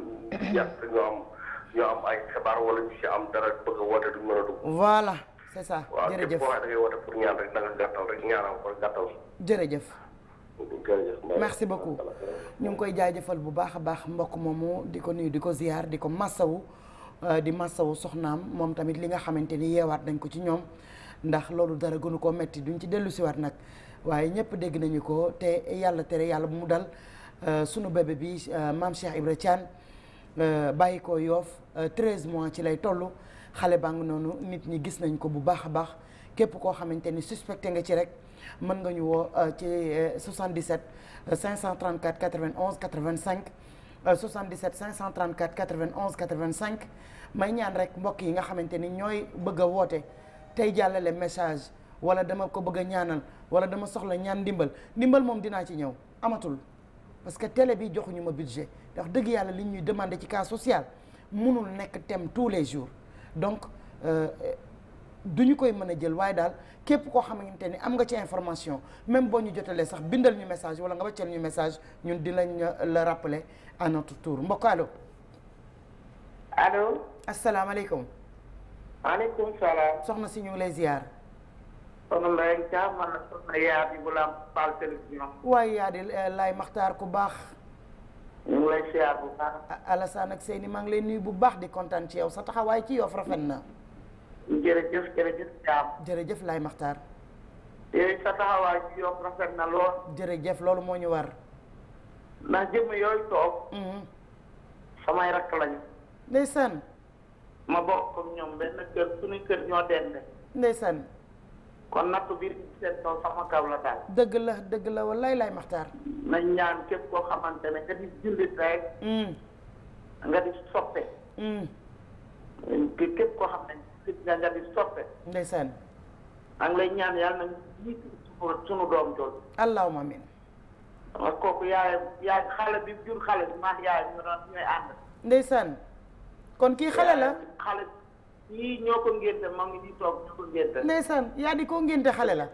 ñàkk ñu am ñu am ay xibaar wala ñu si am dara bëgg a woote duñ mën a dugg. voilà c'est ça jërëjëf pour ñaan rek da nga jërëjëf merci beaucoup ñu ngi koy jaajëfal bu baax a baax mbokk moomu di ko nuyu di ko ziyaar di ko massawu euh, di massawu soxnaam moom tamit li nga xamante ni yeewaat nañ ko ci ñoom ndax loolu dara gënu koo metti duñ ci dellu siwaat nag waaye ñëpp dégg nañu ko te yàlla tere yàlla bu mu dal euh, sunu bébé bi euh, maam Cheikh Ibra Thiane bàyyi ko yoof 13 mois ci lay toll xale baa ngi noonu nit ñi gis nañ ko bu baax a baax képp koo xamante ni suspecté nga ci rek mën nga ñu woo euh, ci 77 534 91 85 77 534 91 85 may ñaan rek mbokk yi nga xamante ni ñooy bëgg a woote tey jàllale message wala dama ko bëgg a ñaanal wala dama soxla ñaan ndimbal ndimbal moom dinaa ci ñëw amatul parce que télé bi joxuñu ma budget ndax dëgg yàlla li ñuy demandé ci cas social mënul nekk thème tous les jours donc. Euh, du ñu koy mën a jël waaye daal képp koo xamante ni am nga ci information même boo ñu jotalee sax bindal ñu message wala nga wàcceel ñu message ñun dinañ la rappeler à notre tour mbokk allo. allo. asalaamaaleykum. maaleykum salaam. soxna si ñu lay ziar. la soxna Yaadi waaye Yaadi laay maxtaar ku baax. ñu ngi lay ziar bu baax. Alassane ak Seyni maa ngi lay nuyu bu baax di kontaan ci yow sa taxawaay ci yow rafet na. jërëjëf jërëjëf Thiam. jërëjëf Laye Makhtar. yooyu eh, sa taxawaay ci rafet na lool. jërëjëf loolu moo ñu war. ndax jëmm yooyu toog. Mm-hmm. samay rakk lañu. ndeysaan. ma bokk ak ñoom benn kër suñu kër ñoo dende. ndeysaan. kon nattu biir seen taw sama kaw la daal. dëgg la dëgg la wallaay Laye Makhtar. nañ ñaan képp koo xamante ne nga di jullit rek. Mm. nga di soppe. Mm. képp koo xam ne. Sidna Ndiaye soppe. lay ñaan yàlla nañu jiitu sunu doom jooju. allahumma amin. parce que kooku yaay yaay xale bi jur xale bi maa yaay ñu doon ñooy ànd. ndeysaan. kon kii xale la xale yii ñoo ko ngénte maa ngi nii ko ngénte. ndeysaan yaa di ko ngénte xale la.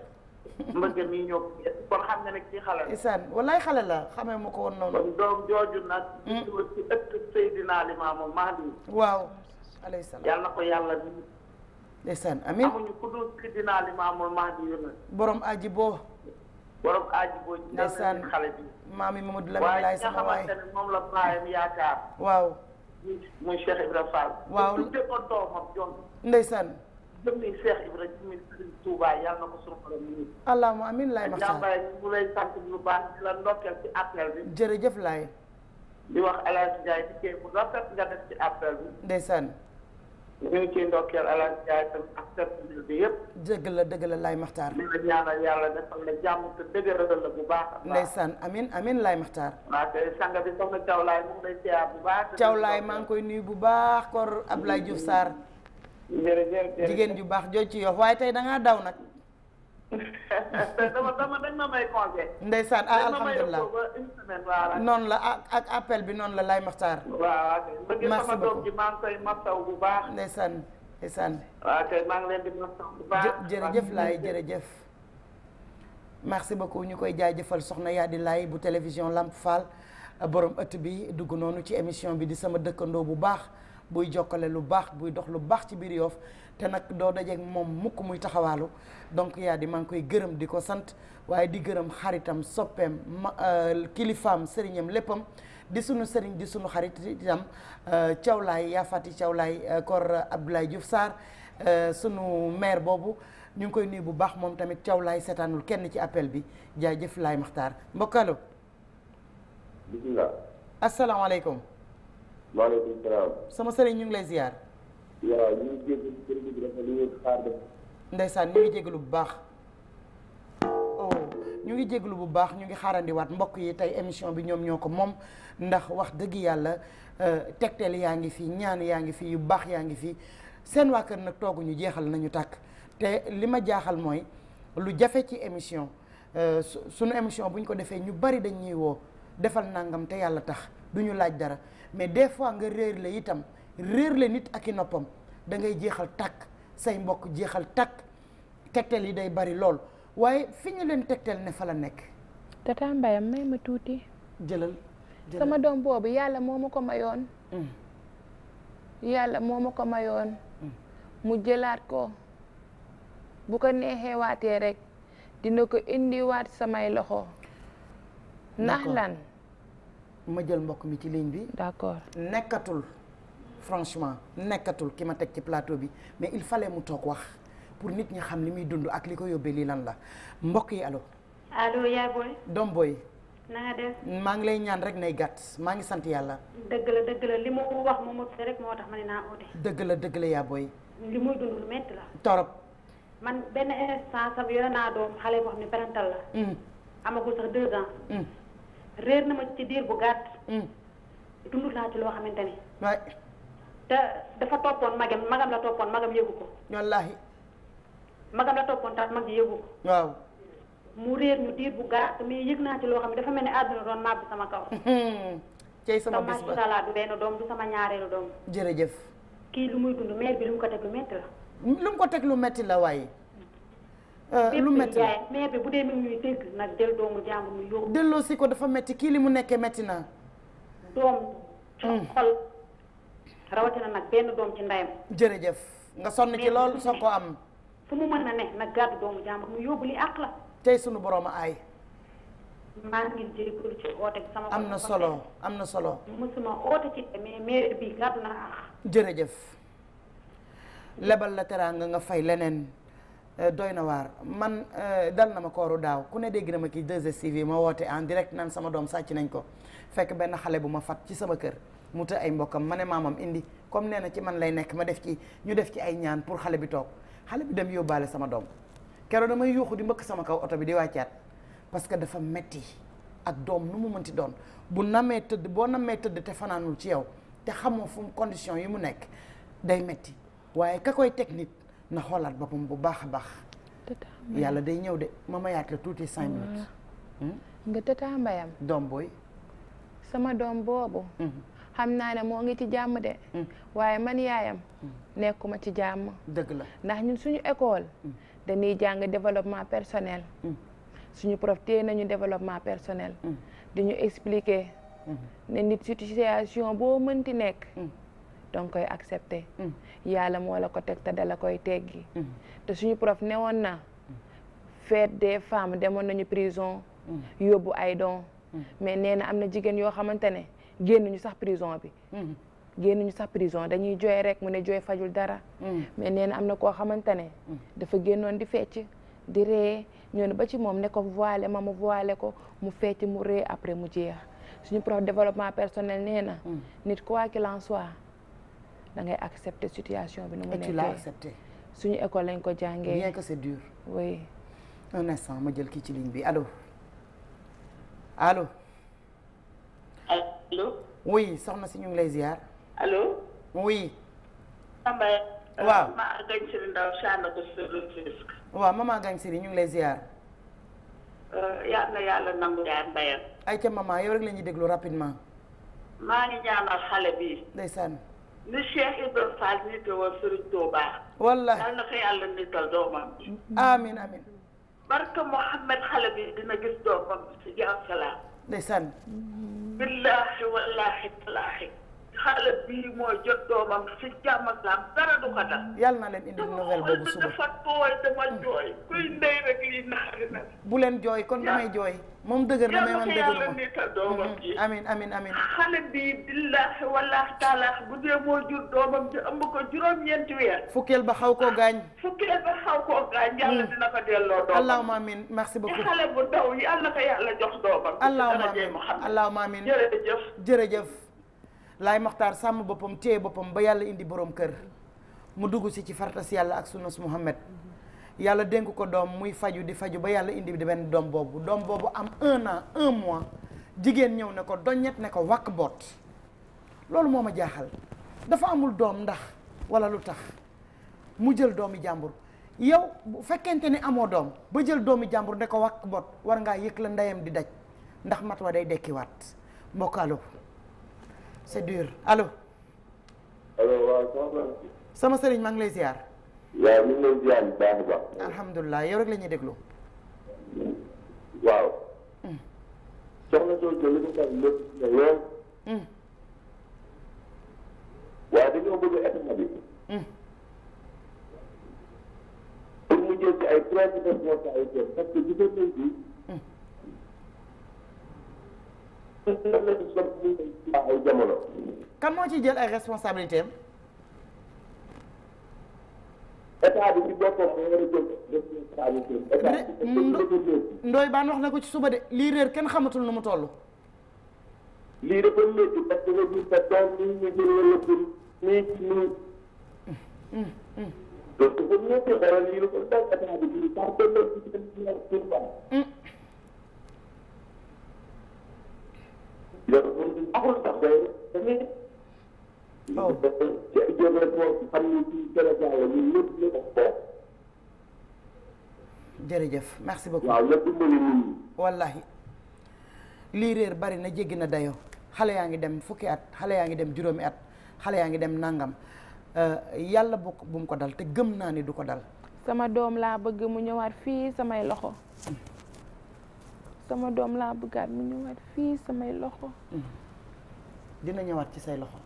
mbëgg mi ñoo ko ngénte kon xam nga ne kii xale la. ndeysaan wallaay xale la xamee ma ko woon noonu. doom jooju nag. ñu mm. ci ëtt waaw. alayhi salaam yàlla na ko yàlla. ndeysaan amin amuñu ku dul Seydina Limaamul Mahdi xale bi maam yi Mamadou Lamine laay sama waay waaye nga xamante moom la baayam yaakaar waaw muy Cheikh Ibrahima Fall waaw tudde ko doomam jon ndeysaan ko suñu borom amin lay sant lu baax la ndokkeel ci appel bi jërëjëf laay di wax El Hadj Ndiaye di kee bu rafet nga def ci appel bi ndeysaan ñu ngi ciy ndokkeel El Hadj yëpp. dëgg la dëgg la Laye Makhtar. ñu la bu baax a baax. ndeysaan amin amin lay ziar bu maa ngi koy nuyu bu baax kor Ablaye Diouf Sarr. jërëjëf jigéen ju baax jooju ci yox waaye tey da daw nag. dama dama dañ ma may ah alhamdulilah noonu la ah, ak appel bi noonu la lay maxtaar. waaw bëgg sama doom ji maa ngi koy masaw bu baax. ndeysaan ndeysaan. waaw kay maa ngi beaucoup ñu koy jaajëfal soxna yaa di bu télévision Lamp Fall borom ëtt bi dugg noonu ci émission bi di sama dëkkandoo bu baax buy jokkale lu baax buy dox lu baax ci biir Yoff te nag doo dajeeg moom mukk muy taxawaalu donc yaa di maa ngi koy gërëm di ko sant waaye di gërëm xaritam soppeem ma euh, kilifaam sëriñam léppam di sunu sëriñ di sunu xarit itam euh, Thiawlaay yaa fàtti Thiawlaay euh, kor Abdoulaye Diouf Sarr sunu maire boobu ñu ngi koy nuyu bu baax moom tamit Thiawlaay seetaanul kenn ci appel bi jaajëf Laay Maxtaar mbokkalo bismillah asalaamaaleykum waaleykum sama sëriñ ñu ngi lay ziyaar waaw ñu ngi ngi jégalu bu baax. oh ñu ngi jégalu bu baax ñu ngi xaarandiwaat mbokk yi tey émission bi ñoom ñoo ko moom ndax wax dëgg yàlla euh, tegteel yaa ngi fi ñaan yaa ngi fi yu baax yaa ngi fi seen waa kër nag tooguñu jeexal nañu tàkk te li ma jaaxal mooy lu jafe ci émission euh, sunu émission bu ñu ko defee ñu bari dañ ñuy woo defal nangam te yàlla tax du ñu laaj dara mais des fois nga réer la itam. réer le nit ak i noppam dangay ngay jeexal tàkk say mbokk jeexal takk tegtal yi day bari lool waaye fi ñu leen tegtal ne fa la nekk. tata mbayam may ma tuuti. jëlal sama doom boobu yàlla moo ma ko mayoon. Mm. yàlla moo ma ko mayoon. Mm. mu jëlaat ko bu ko neexee waatee rek dina ko indiwaat samay loxo. ndax lan ma jël mbokk mi ci ligne bi. d'accord nekkatul. franchement nekkatul ki ma teg ci plateau bi mais il fallait mu toog wax pour nit ñi xam li muy dund ak li ko yóbbee lii lan la mbokk yi allo. allo yaa booy. doom booy. na nga maa ngi lay ñaan rek nay gàtt maa ngi sant yàlla. dëgg la dëgg la li ma wax ma mot rek ma ne naa la dëgg la yaa li muy dund lu métti la. torop. man benn instant sax yore naa doom xale boo xam ne parental la. Mm. amagul sax deux ans. Mm. réer na ma ci diir bu gàtt. Mm. dund naa ci loo xamante ni. te dafa toppoon magam magam la toppoon magam yëgu ko. wallaahi. magam la toppoon tax mag ji yëgu ko. waaw. mu réer ñu diir bu gàtt mais yëg naa ci loo xam ne dafa mel ni àdduna doon màbb sama kaw. cey sama bis ba sama du benn doom du sama ñaareelu doom. jërëjëf. kii lu muy dund mère bi lu mu ko teg lu métti la. lu mu ko teg lu métti la waaye. Euh, lu métti la bi bu dee mi ñuy dégg nag jël doomu jàmbur mu yóbbu. delloo ko dafa metti kii li mu nekkee metti naa. doom. Mm. xol. rawatina nag benn doom ci ndeyam. jërëjëf nga sonn ci lool soo ko am. fu mu mën na ne nag gàddu doomu jàmbur mu yóbbu li àq la. tey suñu boroomu aay. maa am na solo am na solo. musuma na jërëjëf lebal la teraanga nga fay leneen euh, doy na waar man euh, dal na ma kooru daaw ku ne dégg na ma kii 2STV ma woote en direct naan sama doom sàcc nañ ko fekk benn xale bu ma fat ci sama kër. mu të ay mbokkam ma ne maamam indi comme nee na ci man lay nekk ma def ci ñu def ci ay ñaan pour xale bi toog xale bi dem yóbbaale sama doom keroog damay yuuxu di mbëkk sama oto bi di wàccaat parce que dafa metti ak doom nu mu mënti doon bu namee tëdd boo namee tëdd te fanaanul ci yow te xamoo fu mu condition yi mu nekk day metti waaye ka koy teg nit na xoolaat boppam bu baax a baax yàlla day ñëw de ma mayaat tuuti cinq nga tëtaa mbayam doom booy sama doom boobu mhm. xam naa ne moo ngi ci jàmm de. Mm. waaye man yaayam. Mm. nekkuma ci jàmm. dëgg la ndax ñun suñu école. Mm. dañuy jàng développement personnel. suñu prof téye nañu développement personnel. di ñu expliquer. ne nit situation boo mënti nekk. danga koy accepter. yàlla moo la ko teg te dala koy teggi. te suñu prof newoon na. fête des femmes demoon nañu prison. yóbbu ay don. mais nee na am na jigéen yoo xamante ne. génn ñu sax prison bi mhm. génn ñu sax prison dañuy jooy rek mu ne jooy fajul dara mhm. mais nee am na koo xamante ne mhm. dafa génnoon di fecc di ree ñoo ne ba ci moom ne ko voilé ma mu voilé ko mu fecc mu ree après mu jeex suñu prof développement personnel nee na nit quoi qu'il en soit da ngay accepter situation bi nu mu nekkee suñu école lañ ko jàngee bien que c'est dur oui un instant ma jël kii ci ligne bi allo allo allo. oui soxna si ñu lay ziar. allo. oui. Samba. Euh, waaw maman Gagne Siri Ndao Thianako waaw maman Gagne Siri ñu lay ziar. Euh, yal na yàlla nangu yaay mbayam. ay ca maman yow rek la ñuy déglu rapidement. maa ngi ñaanal xale bi. ndeysaan. ni Cheikh Ibrahima Fall nit woon Serigne Touba. wallaahi yal na ko yàlla nital doomam. amiin amiin. barke Mouhamed xale bi dina gis doomam si jàmm salaam. ndeysaan billaahi wallaahi talaahi xale bii mooy jot doomam si jàmm ak salaam yàlla na leen indi nouvelle boobu suba dafa tooy bu leen jooy kon damay jooy. moom dëgër damay man dëgër moom doomam ji. amin amin amin xale bii billaahi wallaahi taalaahi bu dee moo jur doomam ji ëmb ko juróom-ñeenti weer. fukkeel ba xaw koo gaañ. fukkeel ba xaw koo gaañ. yàlla mhm. dina ko delloo doomam. allahumma amin merci beaucoup. xale bu ndaw yàlla na ko yàlla jox doomam. allahumma amin jërëjëf laay maxtaar sàmm boppam téye boppam ba yàlla indi boroom kër mu dugg si ci fartas yàlla ak sunnas Muhammad yàlla dénk ko doom muy faju di faju ba yàlla indi benn doom boobu doom boobu am un an un mois jigéen ñëw ne ko doññet ne ko wàkk boot loolu moo ma jaaxal dafa amul doom ndax wala lu tax mu jël doomi jàmbur yow bu fekkente ni amoo doom ba jël doomi jàmbur ne ko wàkk boot war ngaa yëg la ndeyam di daj ndax mat wa day dekkiwaat mbokkaalo c'est dur allo. alo waaw. sama sëriñ maa ngi lay ziar. waaw ñu ngi lay ziar bu baax a baax. alhamdulilah yow rek la ñuy déglu. waaw. Hmm. soxna Sow jëlee ko sax lépp na lool. Hmm. waaye dañoo bëgg état bi. Hmm. pour mu jël ci ay trois personnes ay parce que ay jamono. kan moo ci jël ay responsabilités am. état bi ci boppam moo war a jël responsabilité état bi Ndoye Bane wax na ko ci suba de lii réer kenn xamatul nu mu toll. lii dafa métti parce que nga gis sa doom nii ñu jël la lëkkul nii nii. donc dafa métti dara lii dafa doon état bi ci par rapport ak ci seen amul sax day waaw Cheikh jërëjëf merci beaucoup waaw ñëpp lii réer bari na jéggi na dayoo xale yaa ngi dem fukki at xale yaa ngi dem juróomi at xale yaa ngi dem nangam euh, yàlla bu bu mu ko dal te gëm naa ni du ko dal. sama doom laa bëgg mu ñëwaat fii samay loxo. sama doom laa buggaat mu ñëwaat fii samay loxo. Mm-hmm. dina ñëwaat ci say loxo.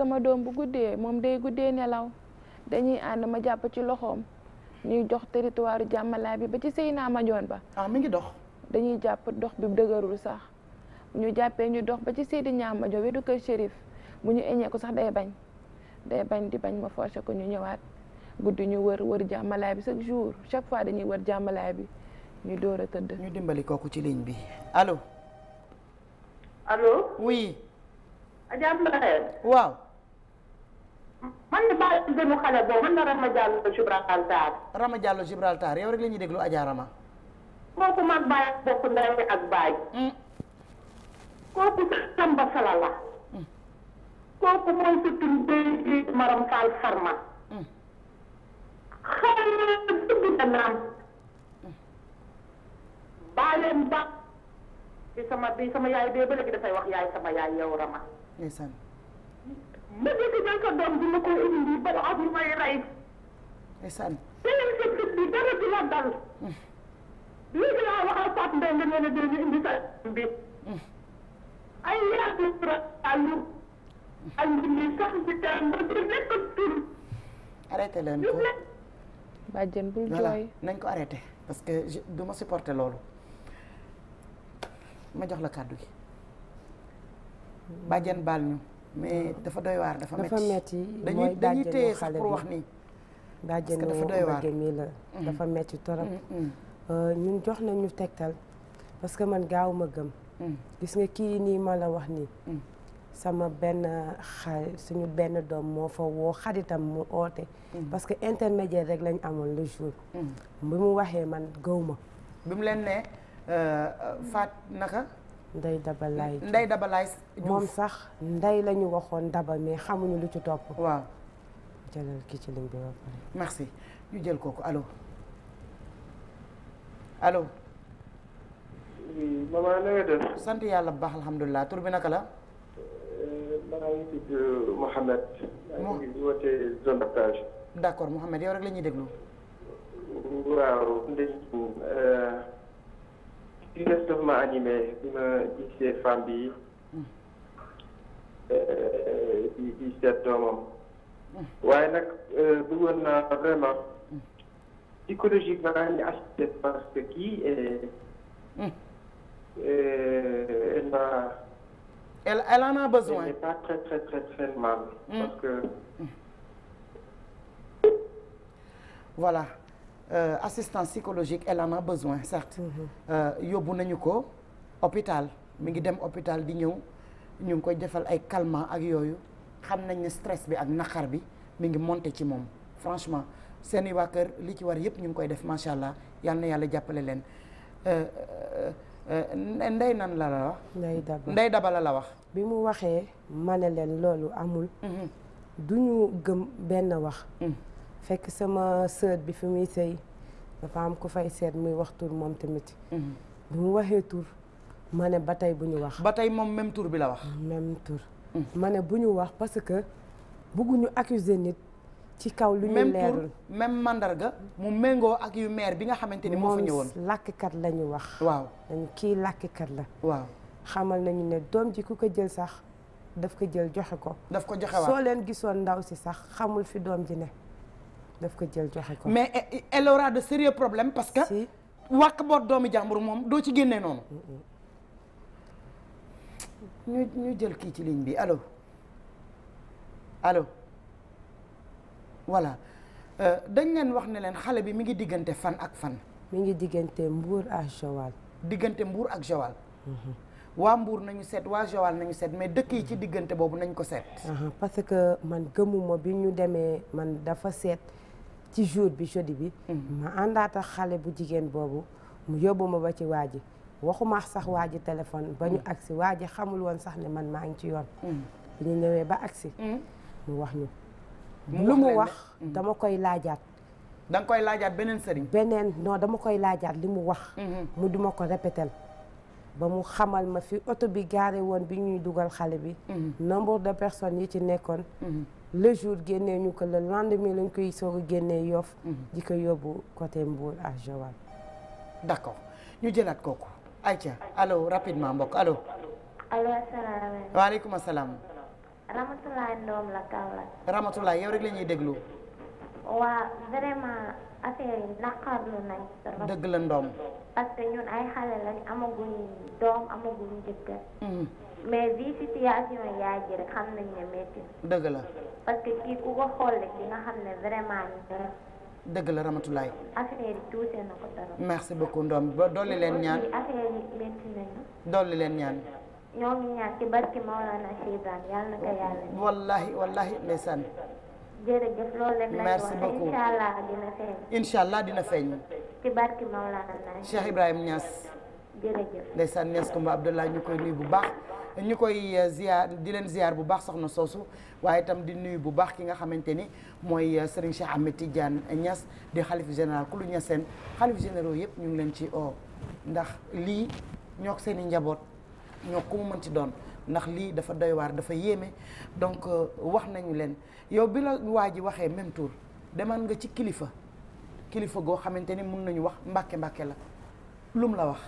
sama doom bu guddee moom day guddee nelaw dañuy ànd ma jàpp ci loxoom ñuy jox territoire jàmmalaay bi ba ci sëy naa ma joon ba. ah mi ngi dox. dañuy jàpp dox bi dëgërul sax ñu jàppee ñu dox ba ci Seydi Ñaam ma joon wetu kër Chérif bu ñu eñee ko sax day bañ day bañ di bañ ma forcé ko ñu ñëwaat. guddi ñu wër wër jàmmalaay bi jour chaque fois dañuy wër jàmmalaay bi ñu door a dimbali kooku ci ligne bi allo. allo oui. Adja waaw. man de maa ngi gënu xale boobu man la Rama Diallo Gibraltar. Rama Diallo Gibraltar yow rek la ñuy déglu Adja Rama. kooku mag baay ak bokk ndey ak baay. Hmm. kooku Samba Sala la. Hmm. kooku mooy surtout Ndeye Maram Fall Farma. xëy na baa leen ba bi sama bi sama yaay dee ba léegi wax yaay sama yaay yow Rama. ndeysaan. ma dégg jël sa doom bi ma koy indi ba la ak may rey. ndeysaan. beneen sa sët bi dara du la dal. léegi laa waxal Pape Ndeye nga nee na dee ñu indi sa bi. ay yaa ngi ko àllu. àllu bi sax si terme ba du nekk tur. arrêté leen ko bàjjen bul jooy nañ ko arrêté parce que du ma supporter loolu ma jox la kàddu gi hmm. bàjjen baal ñu mais hmm. dafa doy waar dafa metti dañuy dañuy téye sax pour wax nii bàjjen dafa doy waar mi la hmm. dafa metti torop euh, ñun jox nañu tegtal parce que man gaaw ma gëm gis nga kii nii ma la wax nii sama benn suñu benn doom moo fa woo xaritam mu oote. Mm. parce que intermédiaire rek lañ amoon lu jour. Mm. bi mu waxee man gëw ma. bi mu leen ne euh, euh, faat naka. nday dabalaay nday dabalaay moom sax ndey la ñu waxoon daba mais xamuñu lu ci topp. waaw. jëlal kii ci ligne bi ba pare. merci ñu jël kooku allo allo. maman sant yàlla bu baax alhamdulilah tur bi naka la. maa ngi tudd Mouhamed. maa ngi woote zone d'aptage. d'accord Mouhamed yow rek la ñuy déglu. waaw ndey ci euh, des daf ma animé bi ma gisee femme bi hmm. euh, di di seet doomam hmm. waaye nag euh, hmm. parce que kii m'a elle elle besoin. Mm. voilà euh, assistance psychologique elle en a besoin certes. Mm-hmm. Euh, yóbbu nañu ko hôpital mi ngi dem hôpital di ñëw ñu ngi koy defal ay calmants ak yooyu xam nañ ne stress bi ak naqar bi mi ngi monter ci moom franchement seeni waa kër li ci war yëpp ñu ngi koy def macha allah yal na yàlla jàppale leen. Euh, euh, Euh, ndey nan la la wax. ndey daba la wax. bi mu waxee ma ne leen loolu amul. Mm-hmm. du ñu gëm benn wax. Mm. fekk sama sœur bi fi muy sëy dafa am ku fay seet muy wax tur moom tamit. Mm-hmm. bi mu waxee tur ma ne ba tey bu ñu wax. ba tey moom même tur bi la wax. même tur. Mm. ma ne bu ñu wax parce que accuser nit. ci kaw lu ñu leerul même mandarga mu méngoo ak yu maire bi nga xamante ni moo fa ñëwoon làkkat la wax waaw dañu kii làkkat la waaw xamal nañu ne doom ji ku ko jël sax daf ko jël joxe ko daf ko joxe waaw soo leen gisoon ndaw si sax xamul fi doom ji ne daf ko jël joxe ko mais e, e, elle de sérieux problèmes parce que wàkk boot doomi jàmbur moom doo ci génnee noonu ñu ñu jël kii ci ligne bi allo allo voilà euh, dañ leen wax ne leen xale bi mi ngi diggante fan ak fan. mi ngi diggante mbuur ak Joal. diggante mbuur ak Joal. Mhm. waa Mbour nañu seet waa Joal nañu seet mais dëkk yi ci diggante boobu nañ ko seet. parce que man gëmuma bi ñu demee man dafa seet ci jour bi jeudi bi. Mhm. ma àndaata xale bu jigéen boobu mu yóbbu ma ba ci waa ji waxuma sax waa ji téléphone ba ñu mhm. agsi waa ji xamul woon sax ne man maa ngi ci yoon. bi ñu ñëwee ba agsi mu wax ñu. lu mu wax hmm. dama koy laajaat. danga koy laajaat beneen sëriñ. beneen non dama koy laajaat li mu wax. mu duma ko répétel ba mu xamal ma fi oto bi gaare woon bi ñuy dugal xale bi. nombre de personnes yi ci nekkoon. le jour génnee ñu ko le lendemain lañ koy soog a génnee Yoff. di ko yóbbu côté Mbour à Joal. d'accord ñu jëlaat kooku. ayca allo rapidement mbokk allo. allo asalaamaaleykum. waaleykum asalaam. Ramatulaay Ndoom la Kaolack. Ramatulaay yow rek la ñuy déglu. waa vraiment affaire yi naqarlu nañ. dëgg la Ndoom. parce que ñun ay xale lañ amaguñ doom amaguñ jëkkër. Mm-hmm. mais bii situation yaay ji rek xam nañ ne métti. dëgg la. parce que kii ku ko xool rek di nga xam ne vraiment ñu dëgg la Ramatulaay. affaire yi na ko trop. merci beaucoup Ndoom ba dolli leen ñaan. dolli leen ñaan. ñoo ngi ñaan ci barke Maolana Cheikh yàlla na ko yàlla. wallahi wallahi ndeysaan. jërëjëf loolu lañ lay wax incha allah dina feeñ. incha allah dina feeñ. ci barke Maolana Cheikh Ibrahima Niass. jërëjëf ndeysaan Niass Koumba Abdallah ñu koy nuyu bu baax. ñu koy euh, ziar di leen ziar bu baax soxna soosu waaye itam di nuyu bu baax ki nga xamante ni mooy euh, Serigne Cheikh Ahmed Tidiane Niass di xalif général ku lu ñaseen xalif généraux yëpp ñu ngi leen ci o ndax lii ñoo ko seen i njaboot. ñoo ku mu mënti doon ndax lii dafa doy waar dafa yéeme donc euh, wax nañu leen yow bi la waa ji waxee même tour demaan nga ci kilifa kilifa goo xamante ni mun nañu wax mbàkke mbàkke la lum la wax.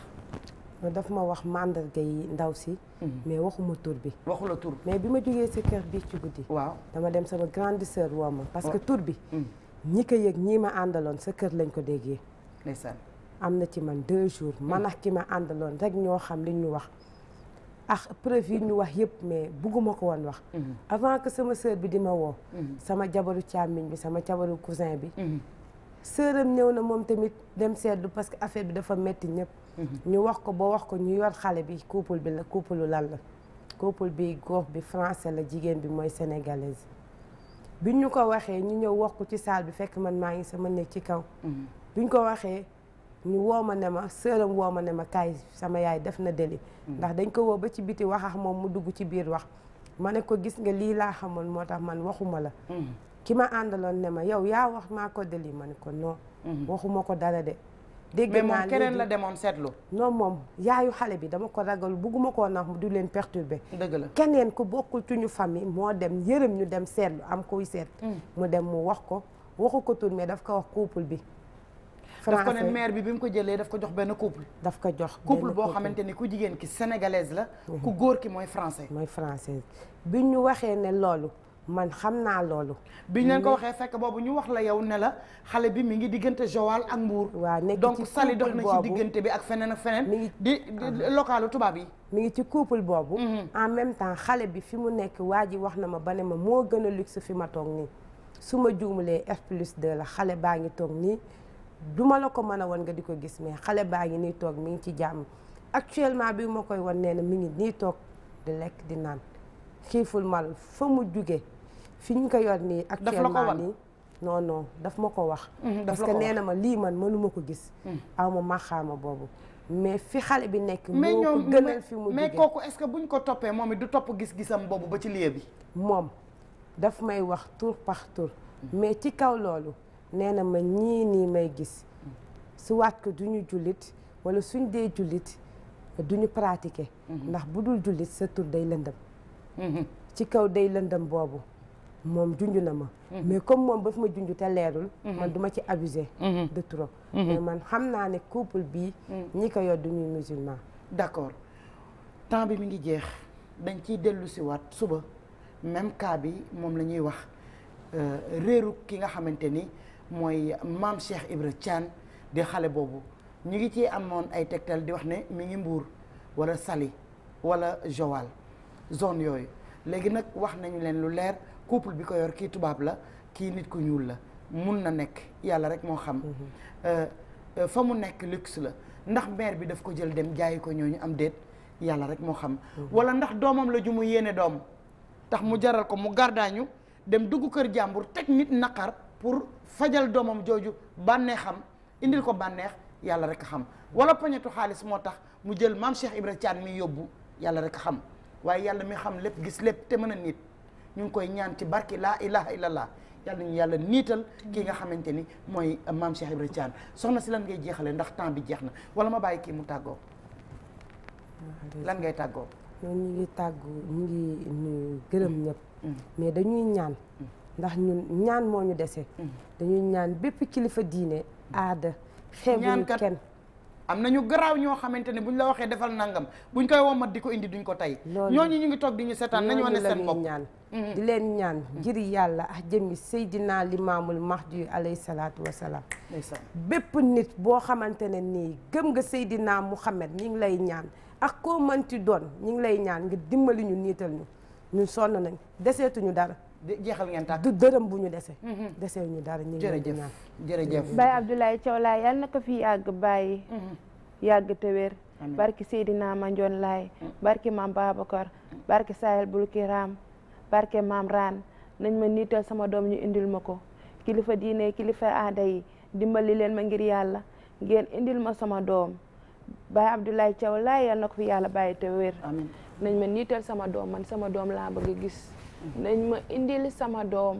dafa ma wax màndarga yi ndaw si. Mhm. mais waxuma tur bi. waxula tur mais bi ma jógee sa kër bi ci guddi. waaw dama dem sama grande sœur woo ma. parce que tur bi. Mhm. ñi ko yëg ñii ma àndaloon sa kër lañ ko déggee. ndeysaan am na ci man deux jours. man ak ki ma àndaloon rek ñoo xam li ñu wax. ah preuve yi ñu wax yëpp mais bugguma ko woon wax mhm. avant que sama sœur bi di ma woo mhm. sama jabaru càmmiñ bi sama jabaru cousin bi mhm. sëram ñëw na moom tamit dem sedd parce que affaire bi dafa metti ñëpp ñu wax ko ba wax ko ñu yor xale bi couple bi la couple lu la couple bi góor bi français la jigéen bi mooy sénégalaise bi ñu ko waxee ñu ñëw wax ko ci saal bi fekk man maa ngi sama nekk ci kaw bi ñu ko waxee ñu woo ma ne ma sëram woo ma ne ma kaay sama yaay def na déli mm. ndax dañ ko woo ba ci biti wax ak moom mu dugg ci biir wax ma ne ko gis nga lii laa xamoon moo tax man waxuma la mm. ki ma àndaloon ne ma yow yaa wax maa ko déli ma ne ko non mm. waxuma ko dara de dégg la demoon seetlu non moom yaayu xale bi dama ko ragal bugguma koo nax mu du leen perturbé dëgg la keneen ko bokkul ci ñu famille moo dem yërëm ñu dem seetlu am kuy seet mu dem mu wax ko waxu ko tur mais daf ko wax couple bi daf ko ne maire bi bi mu ko jëlee daf ko jox benn couple daf ko jox couple boo xamante ni ku jigéen ki sénégalaise la mhm. ku góor ki mooy français mooy français bi ñu waxee ne loolu man xam naa loolu bi ñu leen ko waxee fekk boobu ñu wax la yow ne la xale bi mi ngi diggante Joal ak Mbour waaw nekk donc sali dox na ci diggante bi ak feneen ak feneen di ah. localu tubaab yi mi ngi ci couple boobu mhm. en même temps xale bi fi mu nekk waa ji wax na ma ba ne ma moo gën a luxe fi ma toog nii su ma juumulee F plus 2 la xale baa ngi toog nii duma la ko mën a wan nga di ko gis mais xale baa ngi nii toog mu ngi ci jàmm actuellement bi ma koy wan nee mi ngi nii toog di lekk di naan xiiful mal fa mu jugee fi ñu ko yor nii actuellement nii non non daf ma ko wax mm-hmm, parce nee na ma lii man mënuma ko gis mm. aw ma maxaama boobu mais fi xale bi nekk moo ko gënal fi mu jugee mais kooku est-ce que buñ ko toppee moom it du topp gis-gisam boobu ba ci lieu bi moom daf may wax tour par mm. mais ci kaw loolu nee na ma ñii nii may gis su waat ko duñu jullit wala suñ dee jullit duñu pratiquer mhm. ndax bu dul jullit sa tur day lëndëm mhm. ci kaw day lëndëm boobu moom junj na ma mhm. mais comme moom ba fi ma junj te leerul man duma ci abusé de trop man xam naa ne couple bii ñi ko yor duñuy musulman d'accord temps bi mi ngi jeex dañ ciy dellu si suba même cas bi moom la ñuy wax euh, réeru ki nga xamante ni mooy maam Cheikh Ibra Thian di xale boobu ñu ngi ci amoon ay tegtal di wax ne mi ngi Mbuur wala sali wala Joal zone yooyu léegi nag wax nañu leen lu leer couple bi ko yor kii tubaab la kii nit ku ñuul la mun na nekk yàlla rek moo xam mhm. euh, fa mu nekk luxe la ndax maire bi daf ko jël dem jaayi ko ñoo ñu am déet yàlla rek moo xam mhm. wala ndax doomam la ju mu yéene doom tax mu jaral ko mu gardaañu dem duggu kër jàmbur teg nit naqar pour fajal doomam jooju bànneexam indil ko bànneex yàlla rek a xam wala poñetu xaalis moo tax mu jël maam Cheikh Ibra Thiam mi yóbbu yàlla rek xam waaye yàlla mi xam lépp gis lépp te mën a nit ñu ngi koy ñaan ci barki laa ilaha illallah yàlla ñu yàlla niital kii nga xamante ni mooy maam Cheikh Ibra Thiam soxna si lan ngay jeexale ndax temps bi jeex na wala ma bàyyi kii mu tàggoo lan ngay tàggoo ñoo ñu ngi tàggu ñu ngi gërëm ñëpp mm. mais dañuy ñaan mm. ndax ñun ñaan moo ñu dese. dañuy ñaan bépp kilifa diine aada. xeebuñu kenn am nañu garaaw ñoo xamante ne buñ la waxee defal nangam bu buñ koy womat di ko indi duñ ko tey. ñooñu ñu ngi toog di ñu seetaan nañu wane seen bopp ñaan. Mm-hmm. di leen ñaan ngir yàlla ak jëmmi Seydina Limaamul Mahdi alayhi salaatu wa salaam. bépp nit boo xamante ne nii gëm nga Seydina Muhammad ñu ngi lay ñaan ak koo mënti doon ñu ngi lay ñaan ngir dimbali ñu niital ñu ñun sonn nañ deseetuñu dara. jeexal ngeen tàkk dërëm bu ñu desee dese mm-hmm. ñu dara ñu ngi leen di ñaan jërëjëf mm-hmm. Baye Abdoulaye yal na ko fi yàgg Baye. Mm-hmm. yàgg te wér. barki Seydina Mandione laay. barki maam Babacar. barki Sahel Bulkiram. barke maam Raan nañ ma niital sama doom ñu indil ma ko kilifa diine kilifa aada yi dimbali leen ma ngir yàlla ngeen indil ma sama doom Baye Abdoulaye Thiaw laay yal na ko fi yàlla bàyyi te wér. nañ ma niital sama doom man sama doom laa bëgg gis. nañ ma indil sama doom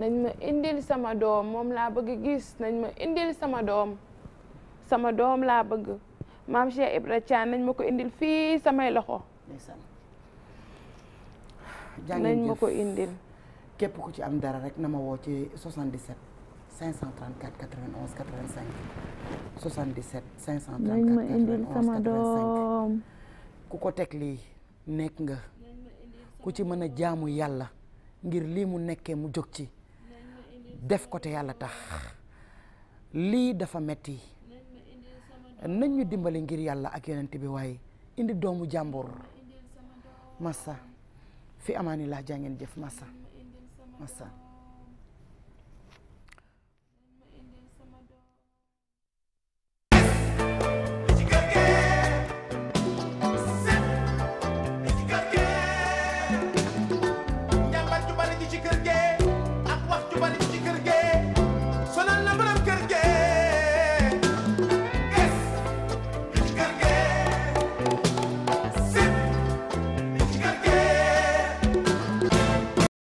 nañ ma indil sama doom moom laa bëgg gis nañ ma indil sama doom sama doom laa bëgg maam Cheikh Ibra Thiam nañ ma ko indil fii samay loxo nañ ma ko indil képp ku ci am dara rek na ma woo ci 77 534 91 nañ ma indil sama doom ku ko teg lii nekk nga ku ci mën a jaamu yàlla ngir lii mu nekkee mu jóg ci def ko te yàlla tax lii dafa metti nañ ñu dimbali ngir yàlla ak yonent bi waaye indi doomu jàmbur massa fi amaani laa jàngeen jëf massa massa